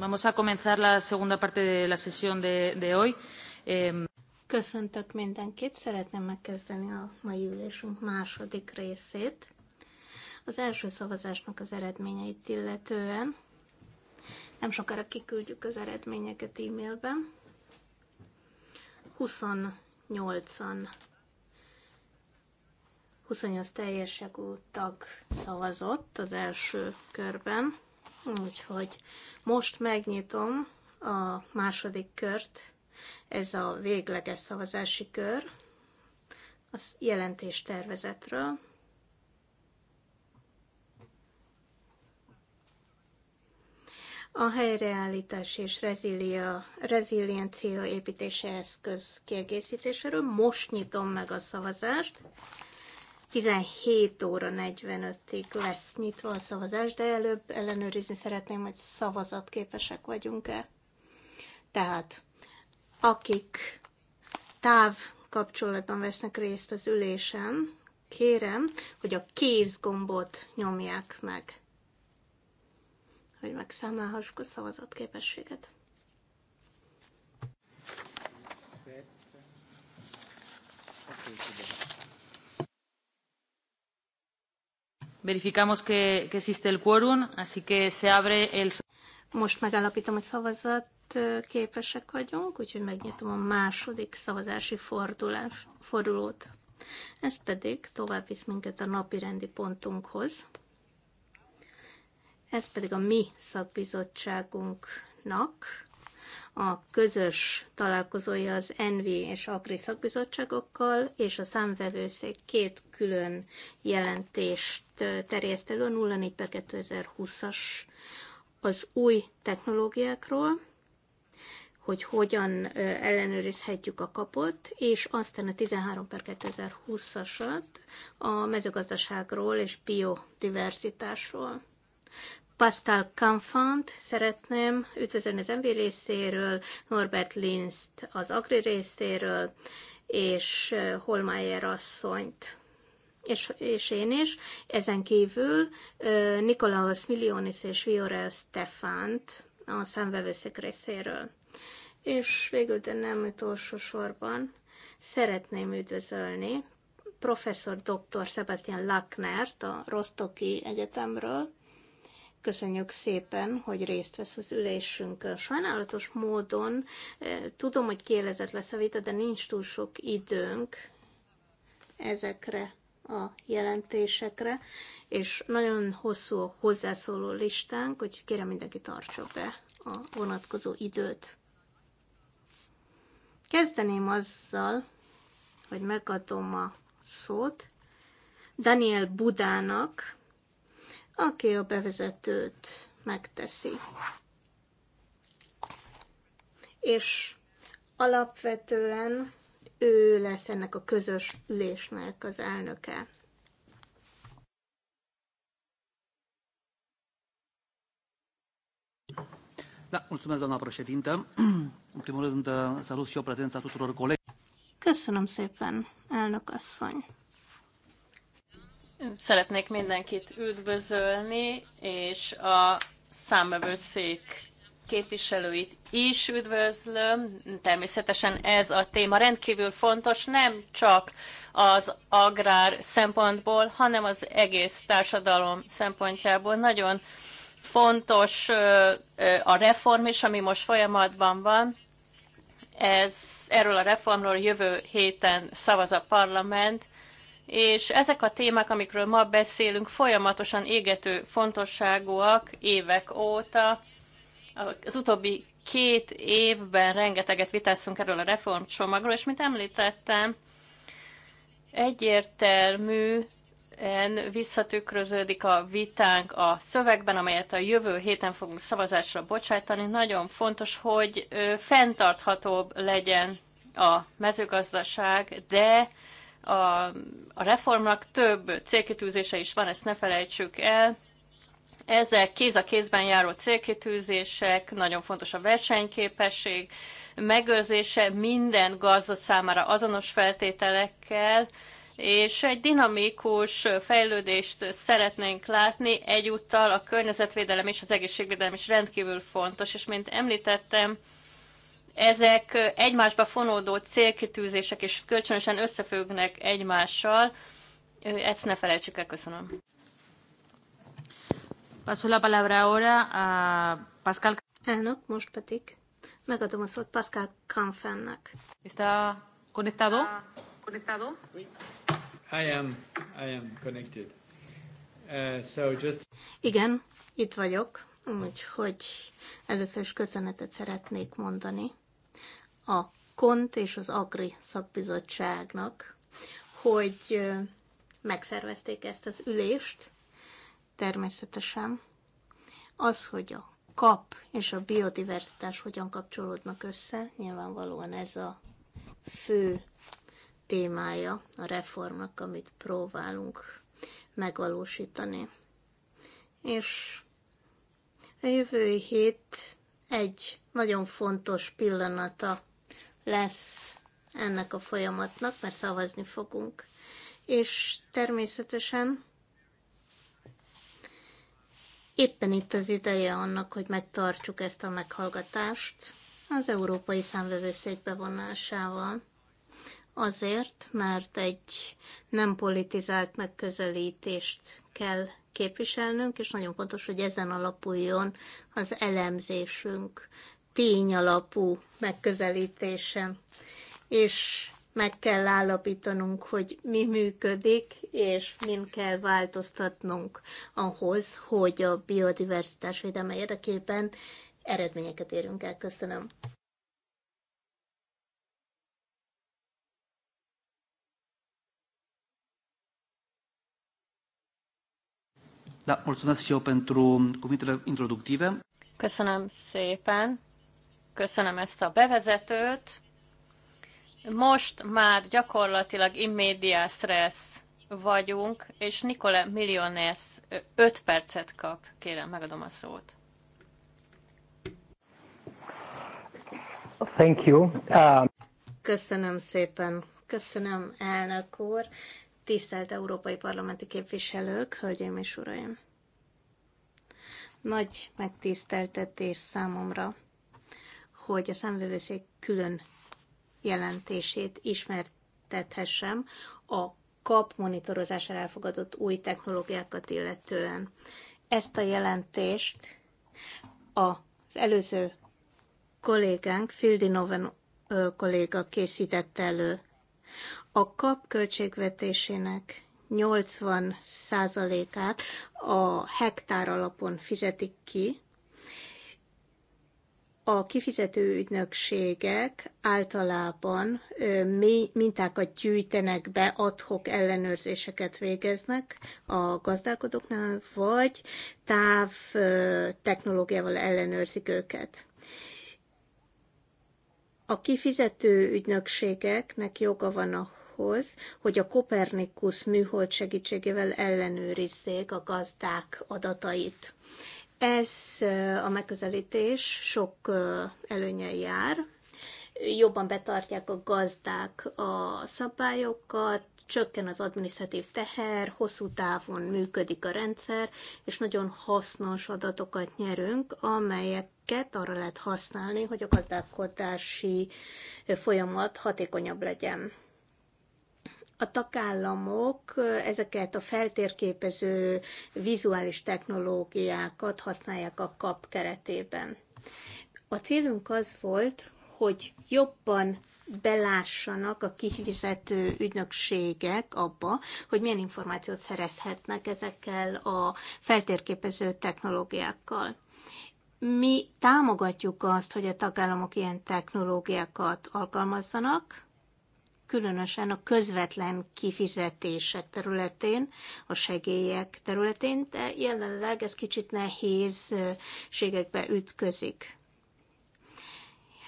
Vamos a comenzar la segunda parte de la sesión de, de hoy. Köszöntök mindenkit, szeretném megkezdeni a mai ülésünk második részét. Az első szavazásnak az eredményeit illetően nem sokára kiküldjük az eredményeket e-mailben. 28-an 28 teljes tag szavazott az első körben. Úgyhogy most megnyitom a második kört, ez a végleges szavazási kör, a jelentéstervezetről. A helyreállítás és rezilia, reziliencia építése eszköz kiegészítéséről most nyitom meg a szavazást. 17 óra 45-ig lesz nyitva a szavazás, de előbb ellenőrizni szeretném, hogy szavazatképesek vagyunk-e. Tehát, akik táv kapcsolatban vesznek részt az ülésen, kérem, hogy a kézgombot nyomják meg, hogy megszámlálhassuk a szavazatképességet. Verificamos que, que existe el quórum, así que se abre el... Most megállapítom, hogy szavazat képesek vagyunk, úgyhogy megnyitom a második szavazási fordulás, fordulót. Ez pedig tovább visz minket a napi rendi pontunkhoz. Ez pedig a mi szakbizottságunknak a közös találkozója az NV és Agri szakbizottságokkal, és a számvevőszék két külön jelentést terjeszt elő, a 04 per 2020-as az új technológiákról, hogy hogyan ellenőrizhetjük a kapot, és aztán a 13 per 2020-asat a mezőgazdaságról és biodiverzitásról. Pascal Canfant szeretném üdvözölni az MV részéről, Norbert Linzt az Agri részéről, és Holmeyer asszonyt. És, és én is. Ezen kívül Nikolaus Milionis és Viorel Stefant a számvevőszék részéről. És végül, de nem utolsó sorban, szeretném üdvözölni professzor dr. Sebastian Lacknert a Rostoki Egyetemről, Köszönjük szépen, hogy részt vesz az ülésünkön. Sajnálatos módon eh, tudom, hogy kielezett lesz a vita, de nincs túl sok időnk ezekre a jelentésekre, és nagyon hosszú a hozzászóló listánk, hogy kérem mindenki tartsa be a vonatkozó időt. Kezdeném azzal, hogy megadom a szót Daniel Budának, aki a bevezetőt megteszi. És alapvetően ő lesz ennek a közös ülésnek az elnöke. Da, mulțumesc, doamna președintă. În primul rând, salut și eu prezența tuturor colegilor. Köszönöm szépen, elnök asszony. Szeretnék mindenkit üdvözölni, és a számövőszék képviselőit is üdvözlöm. Természetesen ez a téma rendkívül fontos, nem csak az agrár szempontból, hanem az egész társadalom szempontjából. Nagyon fontos a reform is, ami most folyamatban van. Ez, erről a reformról jövő héten szavaz a parlament, és ezek a témák, amikről ma beszélünk, folyamatosan égető fontosságúak évek óta. Az utóbbi két évben rengeteget vitáztunk erről a reformcsomagról, és mint említettem, egyértelmű visszatükröződik a vitánk a szövegben, amelyet a jövő héten fogunk szavazásra bocsájtani. Nagyon fontos, hogy fenntarthatóbb legyen a mezőgazdaság, de a, a reformnak több célkitűzése is van, ezt ne felejtsük el. Ezek kéz a kézben járó célkitűzések, nagyon fontos a versenyképesség, megőrzése minden gazda számára azonos feltételekkel, és egy dinamikus fejlődést szeretnénk látni, egyúttal a környezetvédelem és az egészségvédelem is rendkívül fontos, és mint említettem, ezek egymásba fonódó célkitűzések és kölcsönösen összefüggnek egymással. Ezt ne felejtsük el, köszönöm. Paso la palabra ahora a Pascal. Elnök, most pedig megadom a szót Pascal Canfennek. Está conectado? Ah, conectado? I am, I am connected. Uh, so just... Igen, itt vagyok, úgyhogy először is köszönetet szeretnék mondani a KONT és az AGRI szakbizottságnak, hogy megszervezték ezt az ülést, természetesen. Az, hogy a kap és a biodiverzitás hogyan kapcsolódnak össze, nyilvánvalóan ez a fő témája a reformnak, amit próbálunk megvalósítani. És a jövő hét egy nagyon fontos pillanata lesz ennek a folyamatnak, mert szavazni fogunk. És természetesen éppen itt az ideje annak, hogy megtartsuk ezt a meghallgatást az Európai Számvevőszék bevonásával. Azért, mert egy nem politizált megközelítést kell képviselnünk, és nagyon fontos, hogy ezen alapuljon az elemzésünk tényalapú megközelítésen, és meg kell állapítanunk, hogy mi működik, és min kell változtatnunk ahhoz, hogy a biodiverzitás védelme érdekében eredményeket érünk el. Köszönöm. Da, mulțumesc și eu pentru cuvintele introductive. Köszönöm szépen köszönöm ezt a bevezetőt. Most már gyakorlatilag immédiás stressz vagyunk, és Nikole Millionész 5 percet kap. Kérem, megadom a szót. Thank you. Um... Köszönöm szépen. Köszönöm, elnök úr. Tisztelt európai parlamenti képviselők, hölgyeim és uraim! Nagy megtiszteltetés számomra, hogy a számvevőszék külön jelentését ismertethessem a kap monitorozására elfogadott új technológiákat illetően. Ezt a jelentést az előző kollégánk, Noven kolléga készítette elő. A kap költségvetésének 80%-át a hektár alapon fizetik ki, a kifizető ügynökségek általában mintákat gyűjtenek be, adhok ellenőrzéseket végeznek a gazdálkodóknál, vagy táv technológiával ellenőrzik őket. A kifizető ügynökségeknek joga van ahhoz, hogy a Kopernikus műhold segítségével ellenőrizzék a gazdák adatait ez a megközelítés sok előnyel jár. Jobban betartják a gazdák a szabályokat, csökken az adminisztratív teher, hosszú távon működik a rendszer, és nagyon hasznos adatokat nyerünk, amelyeket arra lehet használni, hogy a gazdálkodási folyamat hatékonyabb legyen a tagállamok ezeket a feltérképező vizuális technológiákat használják a kap keretében. A célunk az volt, hogy jobban belássanak a kifizető ügynökségek abba, hogy milyen információt szerezhetnek ezekkel a feltérképező technológiákkal. Mi támogatjuk azt, hogy a tagállamok ilyen technológiákat alkalmazzanak, különösen a közvetlen kifizetése területén, a segélyek területén, de jelenleg ez kicsit nehézségekbe ütközik.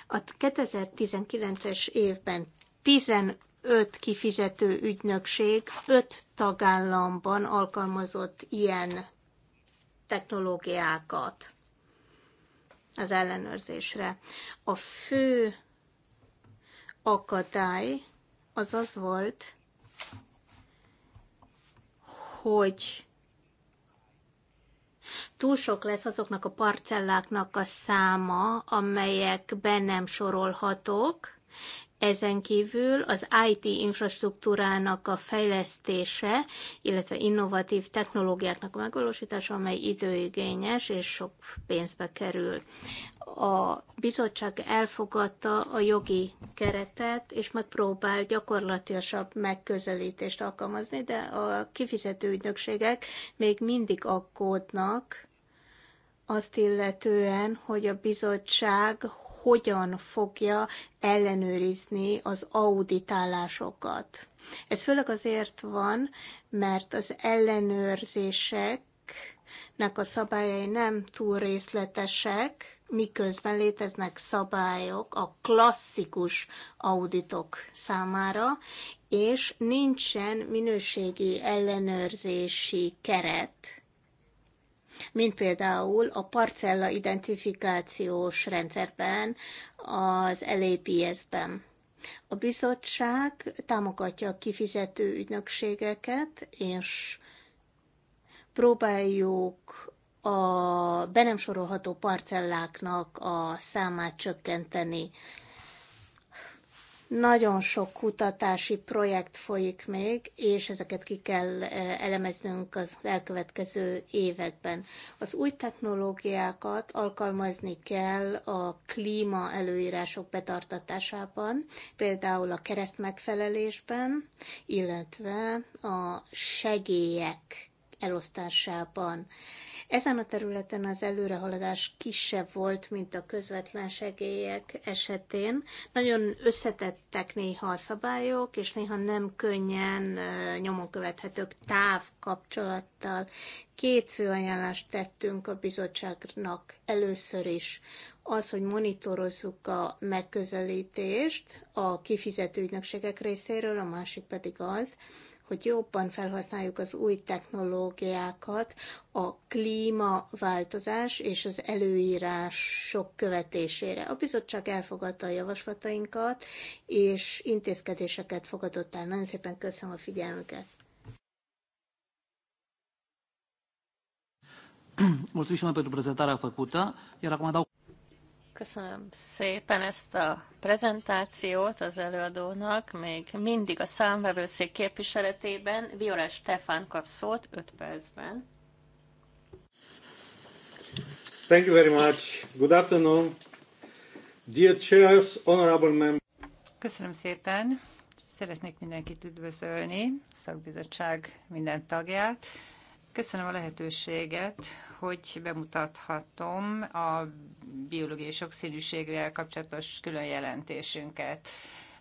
A 2019-es évben 15 kifizető ügynökség 5 tagállamban alkalmazott ilyen technológiákat az ellenőrzésre. A fő akadály az az volt, hogy túl sok lesz azoknak a parcelláknak a száma, amelyek be nem sorolhatók, ezen kívül az IT infrastruktúrának a fejlesztése, illetve innovatív technológiáknak a megvalósítása, amely időigényes és sok pénzbe kerül. A bizottság elfogadta a jogi keretet, és megpróbál gyakorlatilag megközelítést alkalmazni, de a kifizető ügynökségek még mindig aggódnak azt illetően, hogy a bizottság hogyan fogja ellenőrizni az auditálásokat. Ez főleg azért van, mert az ellenőrzéseknek a szabályai nem túl részletesek, miközben léteznek szabályok a klasszikus auditok számára, és nincsen minőségi ellenőrzési keret mint például a parcella identifikációs rendszerben, az LAPS-ben. A bizottság támogatja a kifizető ügynökségeket, és próbáljuk a be nem sorolható parcelláknak a számát csökkenteni. Nagyon sok kutatási projekt folyik még, és ezeket ki kell eh, elemeznünk az elkövetkező években. Az új technológiákat alkalmazni kell a klíma előírások betartatásában, például a keresztmegfelelésben, illetve a segélyek elosztásában. Ezen a területen az előrehaladás kisebb volt, mint a közvetlen segélyek esetén. Nagyon összetettek néha a szabályok, és néha nem könnyen nyomon követhetők távkapcsolattal. Két fő ajánlást tettünk a bizottságnak először is. Az, hogy monitorozzuk a megközelítést a kifizető ügynökségek részéről, a másik pedig az, hogy jobban felhasználjuk az új technológiákat a klímaváltozás és az előírások követésére. A bizottság elfogadta a javaslatainkat, és intézkedéseket fogadott el. Nagyon szépen köszönöm a figyelmüket. Mulțumim și noi pentru prezentarea făcută, iar acum dau... Köszönöm szépen ezt a prezentációt az előadónak. Még mindig a számvevőszék képviseletében Viola Stefán kap szót 5 percben. Thank you very much. Good afternoon. Dear chairs, honorable members. Köszönöm szépen. Szeretnék mindenkit üdvözölni, szakbizottság minden tagját. Köszönöm a lehetőséget, hogy bemutathatom a biológiai sokszínűségre kapcsolatos külön jelentésünket.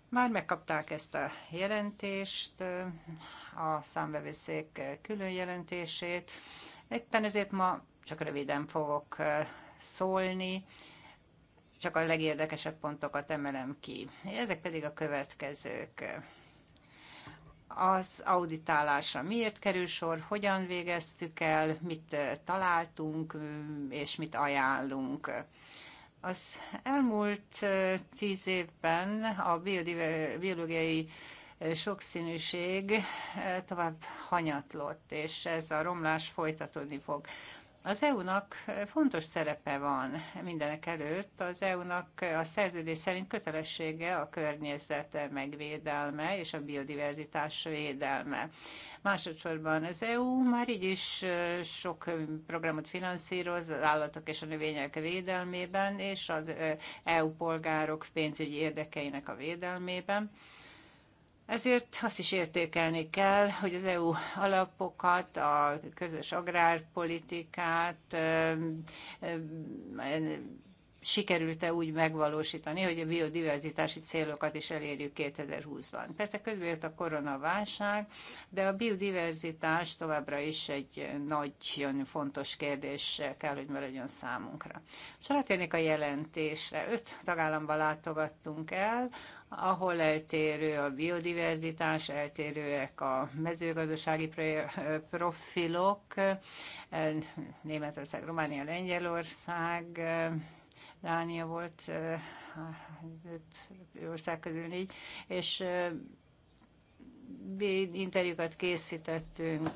Már megkapták ezt a jelentést, a számbevészék külön jelentését. Éppen ezért ma csak röviden fogok szólni, csak a legérdekesebb pontokat emelem ki. Ezek pedig a következők az auditálása miért kerül sor, hogyan végeztük el, mit eh, találtunk mm, és mit ajánlunk. Az elmúlt eh, tíz évben a biológiai eh, sokszínűség tovább hanyatlott, és ez a romlás folytatódni fog. Az EU-nak fontos szerepe van mindenek előtt. Az EU-nak a szerződés szerint kötelessége a környezet megvédelme és a biodiverzitás védelme. Másodszorban az EU már így is sok programot finanszíroz az állatok és a növények védelmében és az EU polgárok pénzügyi érdekeinek a védelmében. Ezért azt is értékelni kell, hogy az EU alapokat, a közös agrárpolitikát sikerült-e úgy megvalósítani, hogy a biodiverzitási célokat is elérjük 2020-ban. Persze közben jött a koronaválság, de a biodiverzitás továbbra is egy nagyon fontos kérdés kell, hogy maradjon számunkra. Most a jelentésre. Öt tagállamban látogattunk el, ahol eltérő a biodiverzitás, eltérőek a mezőgazdasági profilok, Németország, Románia, Lengyelország, Dánia volt öt ország közül négy, és interjúkat készítettünk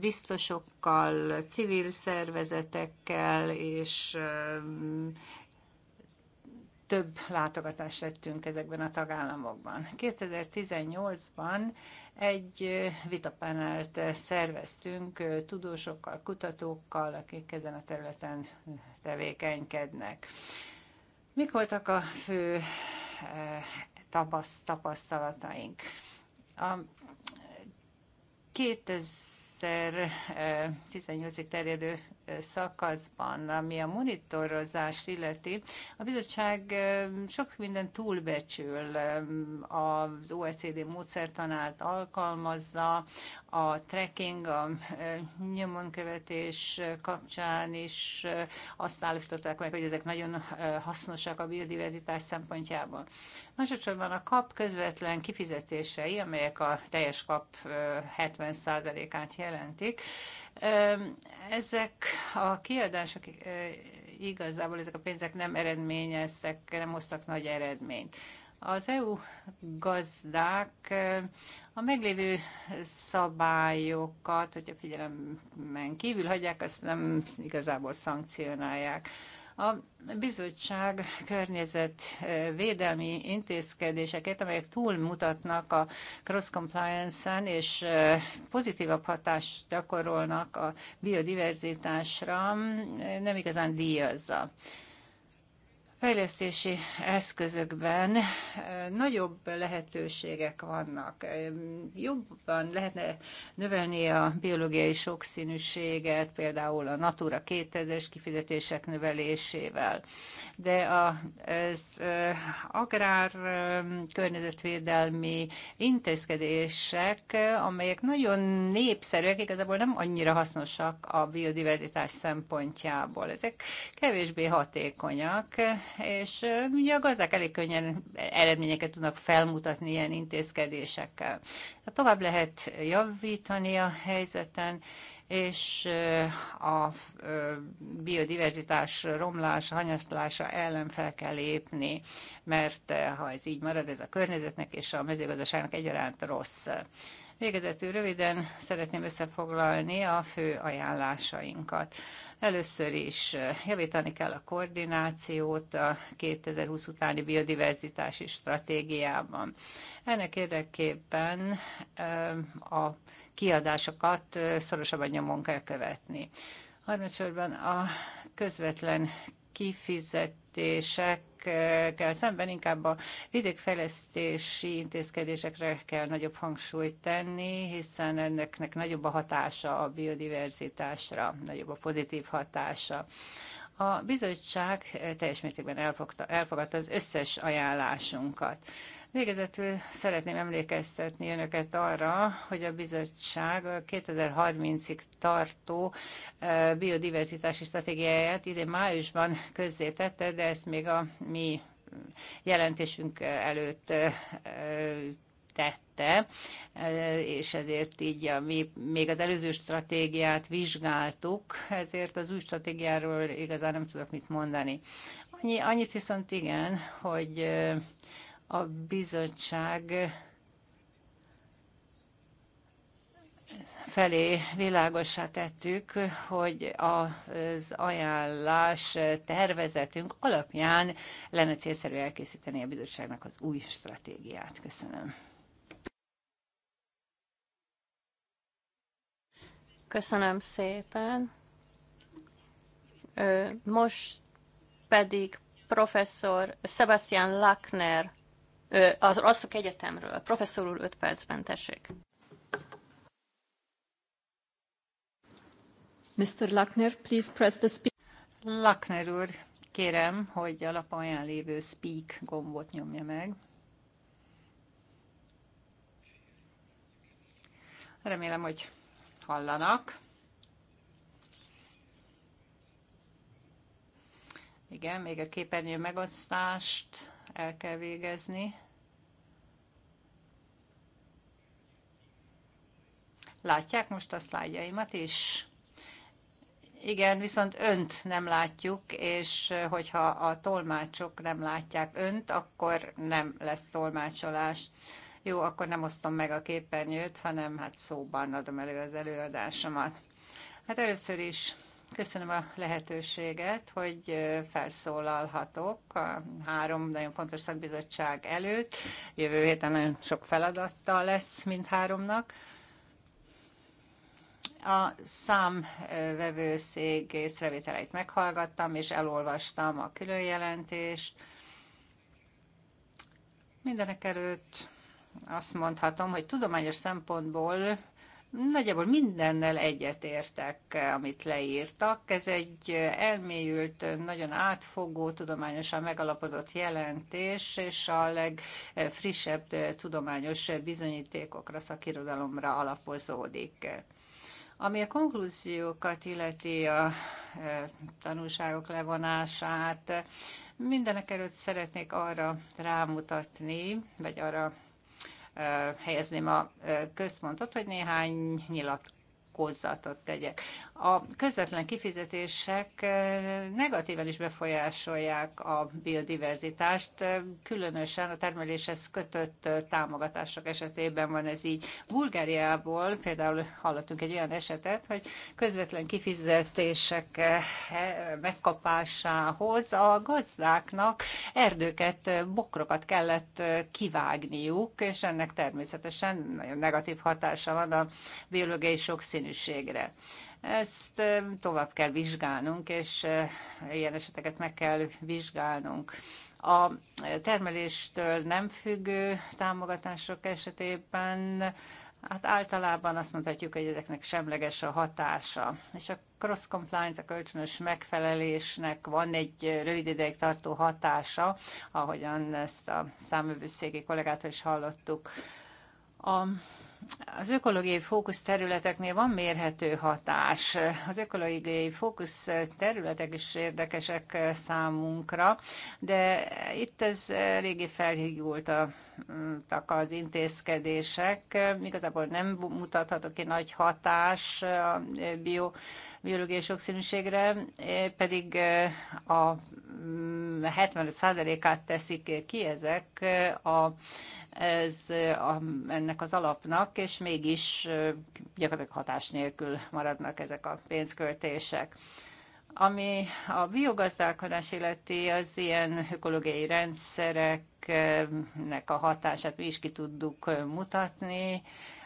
biztosokkal, civil szervezetekkel és több látogatást tettünk ezekben a tagállamokban. 2018-ban egy vitapanelt szerveztünk tudósokkal, kutatókkal, akik ezen a területen tevékenykednek. Mik voltak a fő tapasztalataink? A 2018-ig terjedő szakaszban, ami a monitorozást illeti, a bizottság sok minden túlbecsül, az OECD módszertanát alkalmazza, a tracking, a nyomonkövetés kapcsán is azt állították, meg, hogy ezek nagyon hasznosak a biodiverzitás szempontjából. Másodszorban a kap közvetlen kifizetései, amelyek a teljes kap 70%-át jelentik, ezek a kiadások igazából ezek a pénzek nem eredményeztek, nem hoztak nagy eredményt. Az EU gazdák a meglévő szabályokat, hogyha figyelemben kívül hagyják, azt nem igazából szankcionálják. A bizottság környezetvédelmi intézkedéseket, amelyek túlmutatnak a cross-compliance-en, és pozitívabb hatást gyakorolnak a biodiverzitásra, nem igazán díjazza fejlesztési eszközökben eh, nagyobb lehetőségek vannak. Eh, jobban lehetne növelni a biológiai sokszínűséget, például a Natura 2000-es kifizetések növelésével. De az eh, agrár környezetvédelmi intézkedések, amelyek nagyon népszerűek, igazából nem annyira hasznosak a biodiverzitás szempontjából. Ezek kevésbé hatékonyak, és ugye a gazdák elég könnyen eredményeket tudnak felmutatni ilyen intézkedésekkel. Tehát tovább lehet javítani a helyzeten, és a biodiverzitás romlása, hanyatlása ellen fel kell lépni, mert ha ez így marad, ez a környezetnek és a mezőgazdaságnak egyaránt rossz. Végezetül röviden szeretném összefoglalni a fő ajánlásainkat. Először is javítani kell a koordinációt a 2020 utáni biodiverzitási stratégiában. Ennek érdekében a kiadásokat szorosabban nyomon kell követni. Harmadsorban a közvetlen kifizetésekkel szemben inkább a vidékfejlesztési intézkedésekre kell nagyobb hangsúlyt tenni, hiszen ennek nagyobb a hatása a biodiverzitásra, nagyobb a pozitív hatása. A bizottság teljes mértékben elfogadta az összes ajánlásunkat. Végezetül szeretném emlékeztetni önöket arra, hogy a bizottság 2030-ig tartó e, biodiverzitási stratégiáját idén májusban közzétette, de ezt még a mi jelentésünk előtt e, e, tette, és ezért így mi még az előző stratégiát vizsgáltuk, ezért az új stratégiáról igazán nem tudok mit mondani. Annyi, annyit viszont igen, hogy a bizottság felé világosá tettük, hogy az ajánlás tervezetünk alapján lenne célszerű elkészíteni a bizottságnak az új stratégiát. Köszönöm. Köszönöm szépen. Most pedig professzor Sebastian Lackner az Asztok Egyetemről. Professzor úr, 5 percben tessék. Mr. Lackner, please press the speak. Lackner úr, kérem, hogy a lapon lévő speak gombot nyomja meg. Remélem, hogy hallanak. Igen, még a képernyő megosztást el kell végezni. Látják most a szlájdjaimat is? Igen, viszont önt nem látjuk, és hogyha a tolmácsok nem látják önt, akkor nem lesz tolmácsolás. Jó, akkor nem osztom meg a képernyőt, hanem hát szóban adom elő az előadásomat. Hát először is köszönöm a lehetőséget, hogy felszólalhatok a három nagyon fontos szakbizottság előtt. Jövő héten nagyon sok feladattal lesz mindháromnak. háromnak. A számvevőszék észrevételeit meghallgattam, és elolvastam a különjelentést. Mindenek előtt azt mondhatom, hogy tudományos szempontból nagyjából mindennel egyetértek, amit leírtak. Ez egy elmélyült, nagyon átfogó, tudományosan megalapozott jelentés, és a legfrissebb tudományos bizonyítékokra, szakirodalomra alapozódik. Ami a konklúziókat illeti a e, tanulságok levonását, mindenek előtt szeretnék arra rámutatni, vagy arra e, helyezném a e, központot, hogy néhány nyilatkozatot tegyek a közvetlen kifizetések eh, negatívan is befolyásolják a biodiverzitást, eh, különösen a termeléshez kötött eh, támogatások esetében van ez így. Bulgáriából például hallottunk egy olyan esetet, hogy közvetlen kifizetések megkapásához a gazdáknak erdőket, bokrokat kellett kivágniuk, és ennek természetesen nagyon negatív hatása van a biológiai sokszínűségre. Ezt tovább kell vizsgálnunk, és ilyen eseteket meg kell vizsgálnunk. A termeléstől nem függő támogatások esetében Hát általában azt mondhatjuk, hogy ezeknek semleges a hatása. És a cross compliance, a kölcsönös megfelelésnek van egy rövid ideig tartó hatása, ahogyan ezt a számövőszégi kollégától is hallottuk. A az ökológiai fókusz területeknél van mérhető hatás. Az ökológiai fókusz területek is érdekesek számunkra, de itt ez eléggé a az intézkedések. Igazából nem mutathatok ki nagy hatás a bio, biológiai sokszínűségre, pedig a mm, 75%-át teszik ki ezek a ez a, ennek az alapnak, és mégis gyakorlatilag hatás nélkül maradnak ezek a pénzköltések. Ami a biogazdálkodás illeti, az ilyen ökológiai rendszereknek a hatását mi is ki tudjuk mutatni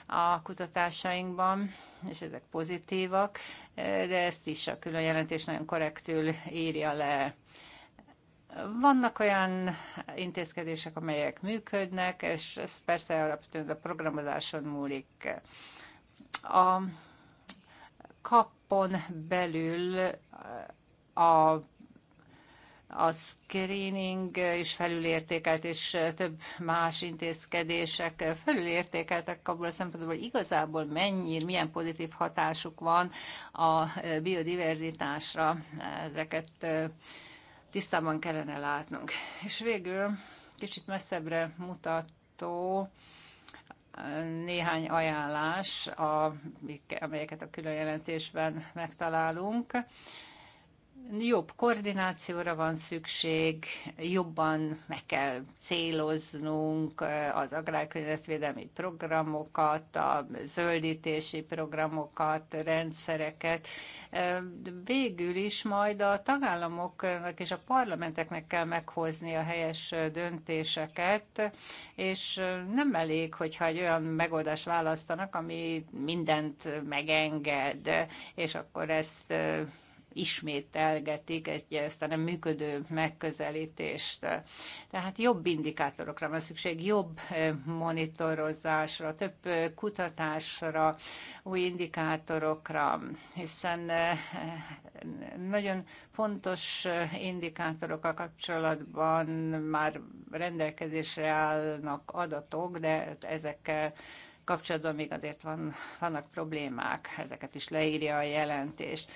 a kutatásainkban, és ezek pozitívak, de ezt is a külön jelentés nagyon korrektül írja le. Vannak olyan intézkedések, amelyek működnek, és ez persze alapvetően a programozáson múlik. A kapon belül a a screening is felülértékelt, és több más intézkedések felülértékeltek abból a szempontból, hogy igazából mennyi, milyen pozitív hatásuk van a biodiverzitásra. Ezeket tisztában kellene látnunk. És végül kicsit messzebbre mutató néhány ajánlás, amelyeket a külön jelentésben megtalálunk jobb koordinációra van szükség, jobban meg kell céloznunk az agrárkörnyezetvédelmi programokat, a zöldítési programokat, rendszereket. Végül is majd a tagállamoknak és a parlamenteknek kell meghozni a helyes döntéseket, és nem elég, hogyha egy olyan megoldást választanak, ami mindent megenged, és akkor ezt ismételgetik egy, ezt a nem működő megközelítést. Tehát jobb indikátorokra van szükség, jobb monitorozásra, több kutatásra, új indikátorokra, hiszen nagyon fontos indikátorok a kapcsolatban már rendelkezésre állnak adatok, de ezekkel kapcsolatban még azért van, vannak problémák, ezeket is leírja a jelentés.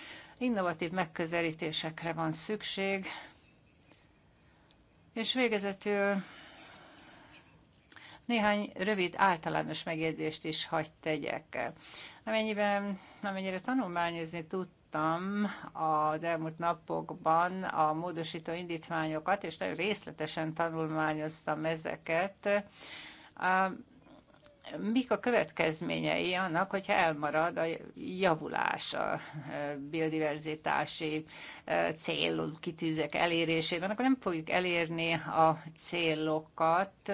Innovatív megközelítésekre van szükség, és végezetül néhány rövid általános megjegyzést is hagy tegyek. Amennyiben, amennyire tanulmányozni tudtam az elmúlt napokban a módosító indítványokat, és nagyon részletesen tanulmányoztam ezeket, mik a következményei annak, hogyha elmarad a javulás a e, biodiverzitási e, célok kitűzek elérésében, akkor nem fogjuk elérni a célokat.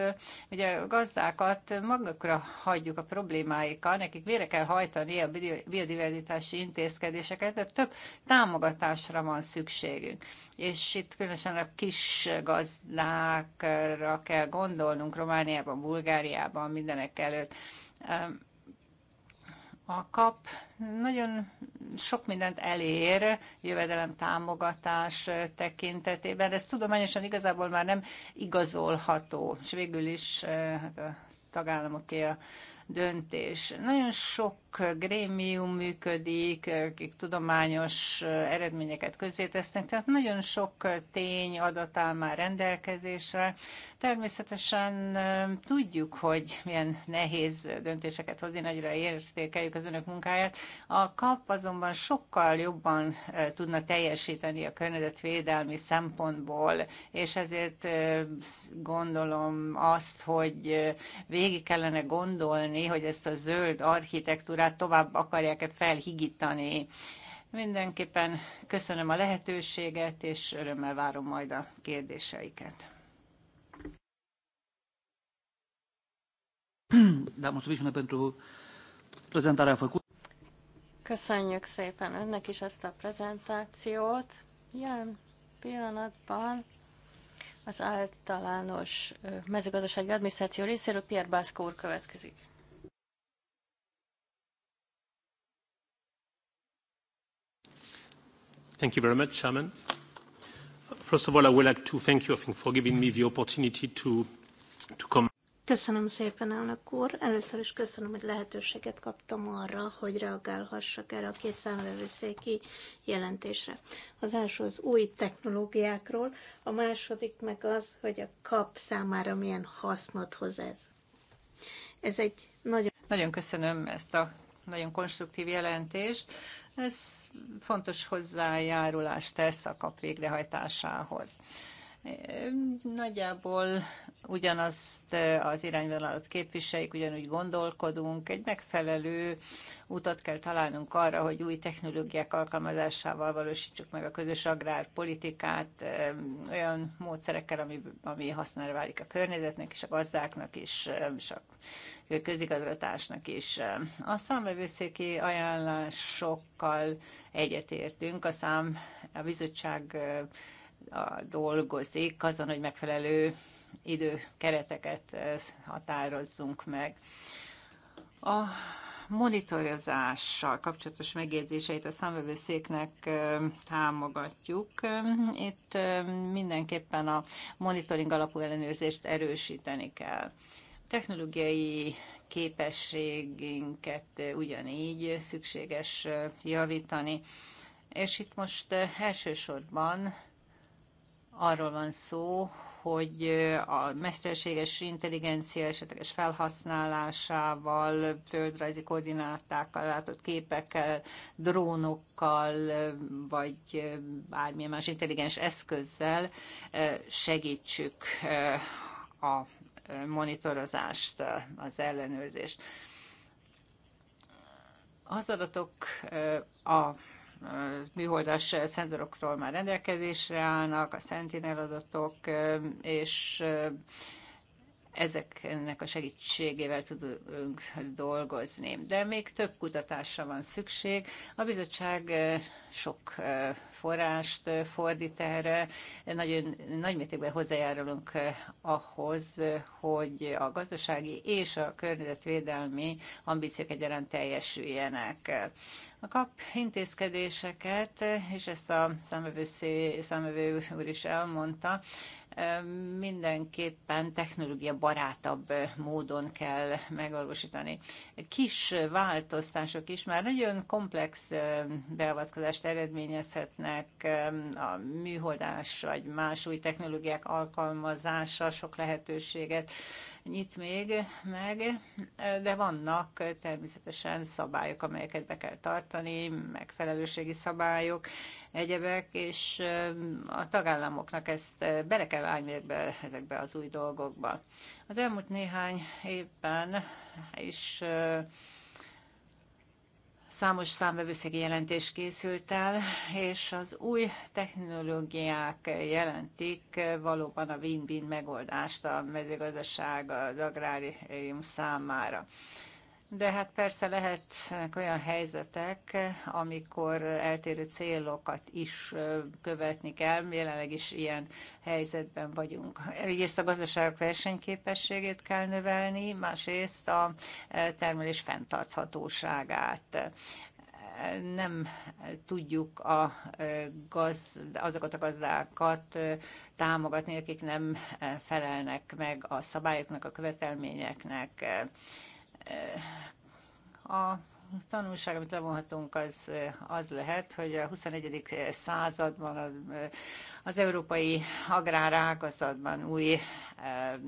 Ugye a gazdákat magukra hagyjuk a problémáikkal, nekik vére kell hajtani a biodiverzitási intézkedéseket, de több támogatásra van szükségünk. És itt különösen a kis gazdákra kell gondolnunk Romániában, Bulgáriában, mindenek előtt került. A kap nagyon sok mindent elér jövedelem támogatás eh, tekintetében, ez tudományosan igazából már nem igazolható, és végül is eh, hát a tagállamoké a döntés. Nagyon sok grémium működik, akik tudományos eredményeket közzétesznek, tehát nagyon sok tény adat áll már rendelkezésre. Természetesen um, tudjuk, hogy milyen nehéz döntéseket hozni, nagyra értékeljük az önök munkáját. A kap azonban sokkal jobban uh, tudna teljesíteni a környezetvédelmi szempontból, és ezért uh, gondolom azt, hogy uh, végig kellene gondolni, hogy ezt a zöld architektúrát kultúrát tovább akarják-e felhigítani. Mindenképpen köszönöm a lehetőséget, és örömmel várom majd a kérdéseiket. Köszönjük szépen önnek is ezt a prezentációt. Jelen pillanatban az általános mezőgazdasági adminisztráció részéről Pierre Baszkó úr következik. Thank you very much, Chairman. First of all, I would like to thank you for giving me the opportunity to, to come. Köszönöm szépen, elnök úr. Először is köszönöm, hogy lehetőséget kaptam arra, hogy reagálhassak erre a két számvevőszéki jelentésre. Az első az új technológiákról, a második meg az, hogy a kap számára milyen hasznot hoz ez. Ez egy nagyon... Nagyon köszönöm ezt a nagyon konstruktív jelentést. Ez fontos hozzájárulást tesz a kap végrehajtásához. Nagyjából ugyanazt eh, az irányvonalat képviseljük, ugyanúgy gondolkodunk, egy megfelelő utat kell találnunk arra, hogy új technológiák alkalmazásával valósítsuk meg a közös agrárpolitikát, eh, olyan módszerekkel, ami, ami hasznára válik a környezetnek és a gazdáknak is, eh, és a közigazgatásnak is. A számvevőszéki ajánlásokkal egyetértünk, a szám a bizottság dolgozik azon, hogy megfelelő időkereteket eh, határozzunk meg. A monitorozással kapcsolatos megjegyzéseit a számvevőszéknek eh, támogatjuk. Eh, itt mindenképpen a monitoring alapú ellenőrzést erősíteni kell. Technológiai képességünket ugyanígy szükséges javítani, és itt most elsősorban arról van szó, hogy a mesterséges intelligencia esetleges felhasználásával, földrajzi koordinátákkal, látott képekkel, drónokkal, vagy bármilyen más intelligens eszközzel segítsük a monitorozást, az ellenőrzést. Az adatok a műholdas szenzorokról már rendelkezésre állnak, a Sentinel adatok, és ezeknek a segítségével tudunk dolgozni. De még több kutatásra van szükség. A bizottság eh, sok eh, forrást eh, fordít erre. Nagyon nagy mértékben hozzájárulunk ahhoz, hogy a gazdasági és a környezetvédelmi ambíciók egyaránt teljesüljenek a kap intézkedéseket, és ezt a számövő úr is elmondta, mindenképpen technológia barátabb módon kell megvalósítani. Kis változtások is már nagyon komplex beavatkozást eredményezhetnek, a műholdás vagy más új technológiák alkalmazása sok lehetőséget nyit még meg, de vannak természetesen szabályok, amelyeket be kell tartani, megfelelőségi szabályok, egyebek, és a tagállamoknak ezt bele kell vágni ebbe, ezekbe az új dolgokba. Az elmúlt néhány évben is Számos számbevőszegi jelentés készült el, és az új technológiák jelentik valóban a win-win megoldást a mezőgazdaság, az agrárium számára. De hát persze lehetnek olyan helyzetek, amikor eltérő célokat is követni kell, jelenleg is ilyen helyzetben vagyunk. Egyrészt a gazdaságok versenyképességét kell növelni, másrészt a termelés fenntarthatóságát nem tudjuk a gaz, azokat a gazdákat támogatni, akik nem felelnek meg a szabályoknak, a követelményeknek. A tanulság, amit levonhatunk, az, az lehet, hogy a 21. században az, az európai agrárágazatban új e,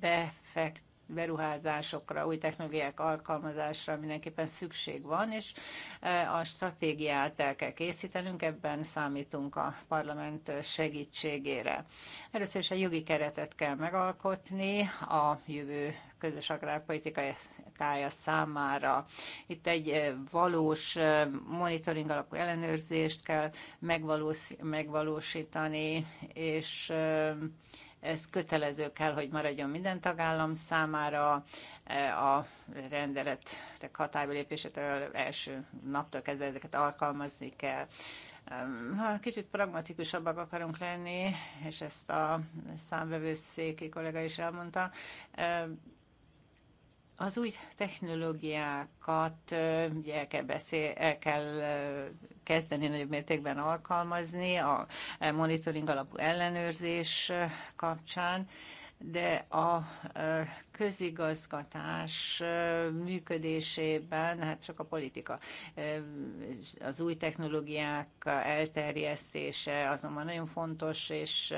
befekt beruházásokra, új technológiák alkalmazásra mindenképpen szükség van, és e, a stratégiát el kell készítenünk, ebben számítunk a parlament segítségére. Először is a jogi keretet kell megalkotni a jövő közös agrárpolitikája számára. Itt egy eh, valós eh, monitoring alapú ellenőrzést kell megvalósítani, és eh, ez kötelező kell, hogy maradjon minden tagállam számára. A rendeletek hatályba lépésétől első naptól kezdve ezeket alkalmazni kell. Ha kicsit pragmatikusabbak akarunk lenni, és ezt a számvevőszéki kollega is elmondta, az új technológiákat ugye el kell, beszél, el kell kezdeni nagyobb mértékben alkalmazni a e, monitoring alapú ellenőrzés kapcsán, de a közigazgatás működésében, hát csak a politika, az új technológiák elterjesztése azonban nagyon fontos, és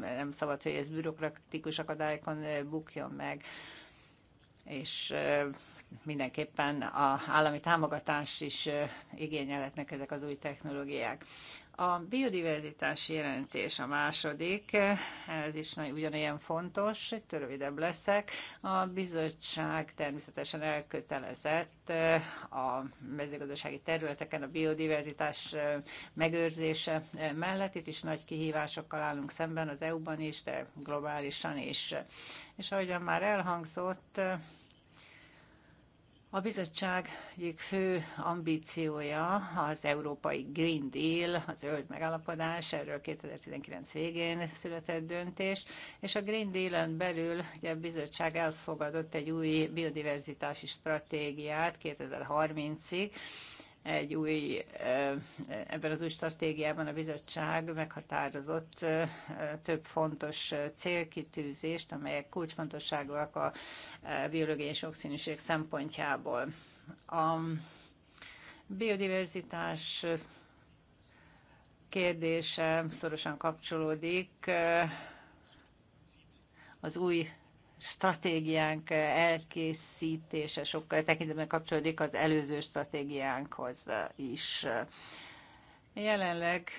nem szabad, hogy ez bürokratikus akadályokon bukjon meg és mindenképpen a állami támogatás is igényelhetnek ezek az új technológiák. A biodiverzitás jelentés a második, ez is ugyanilyen fontos, itt rövidebb leszek. A bizottság természetesen elkötelezett a mezőgazdasági területeken a biodiverzitás megőrzése mellett. Itt is nagy kihívásokkal állunk szemben az EU-ban is, de globálisan is. És ahogyan már elhangzott, a bizottság egyik fő ambíciója az európai Green Deal, a zöld megállapodás, erről 2019 végén született döntés, és a Green Deal-en belül ugye a bizottság elfogadott egy új biodiverzitási stratégiát 2030-ig, egy új, ebben az új stratégiában a bizottság meghatározott több fontos célkitűzést, amelyek kulcsfontosságúak a biológiai sokszínűség szempontjából. A biodiverzitás kérdése szorosan kapcsolódik az új stratégiánk elkészítése sokkal tekintetben kapcsolódik az előző stratégiánkhoz is. Jelenleg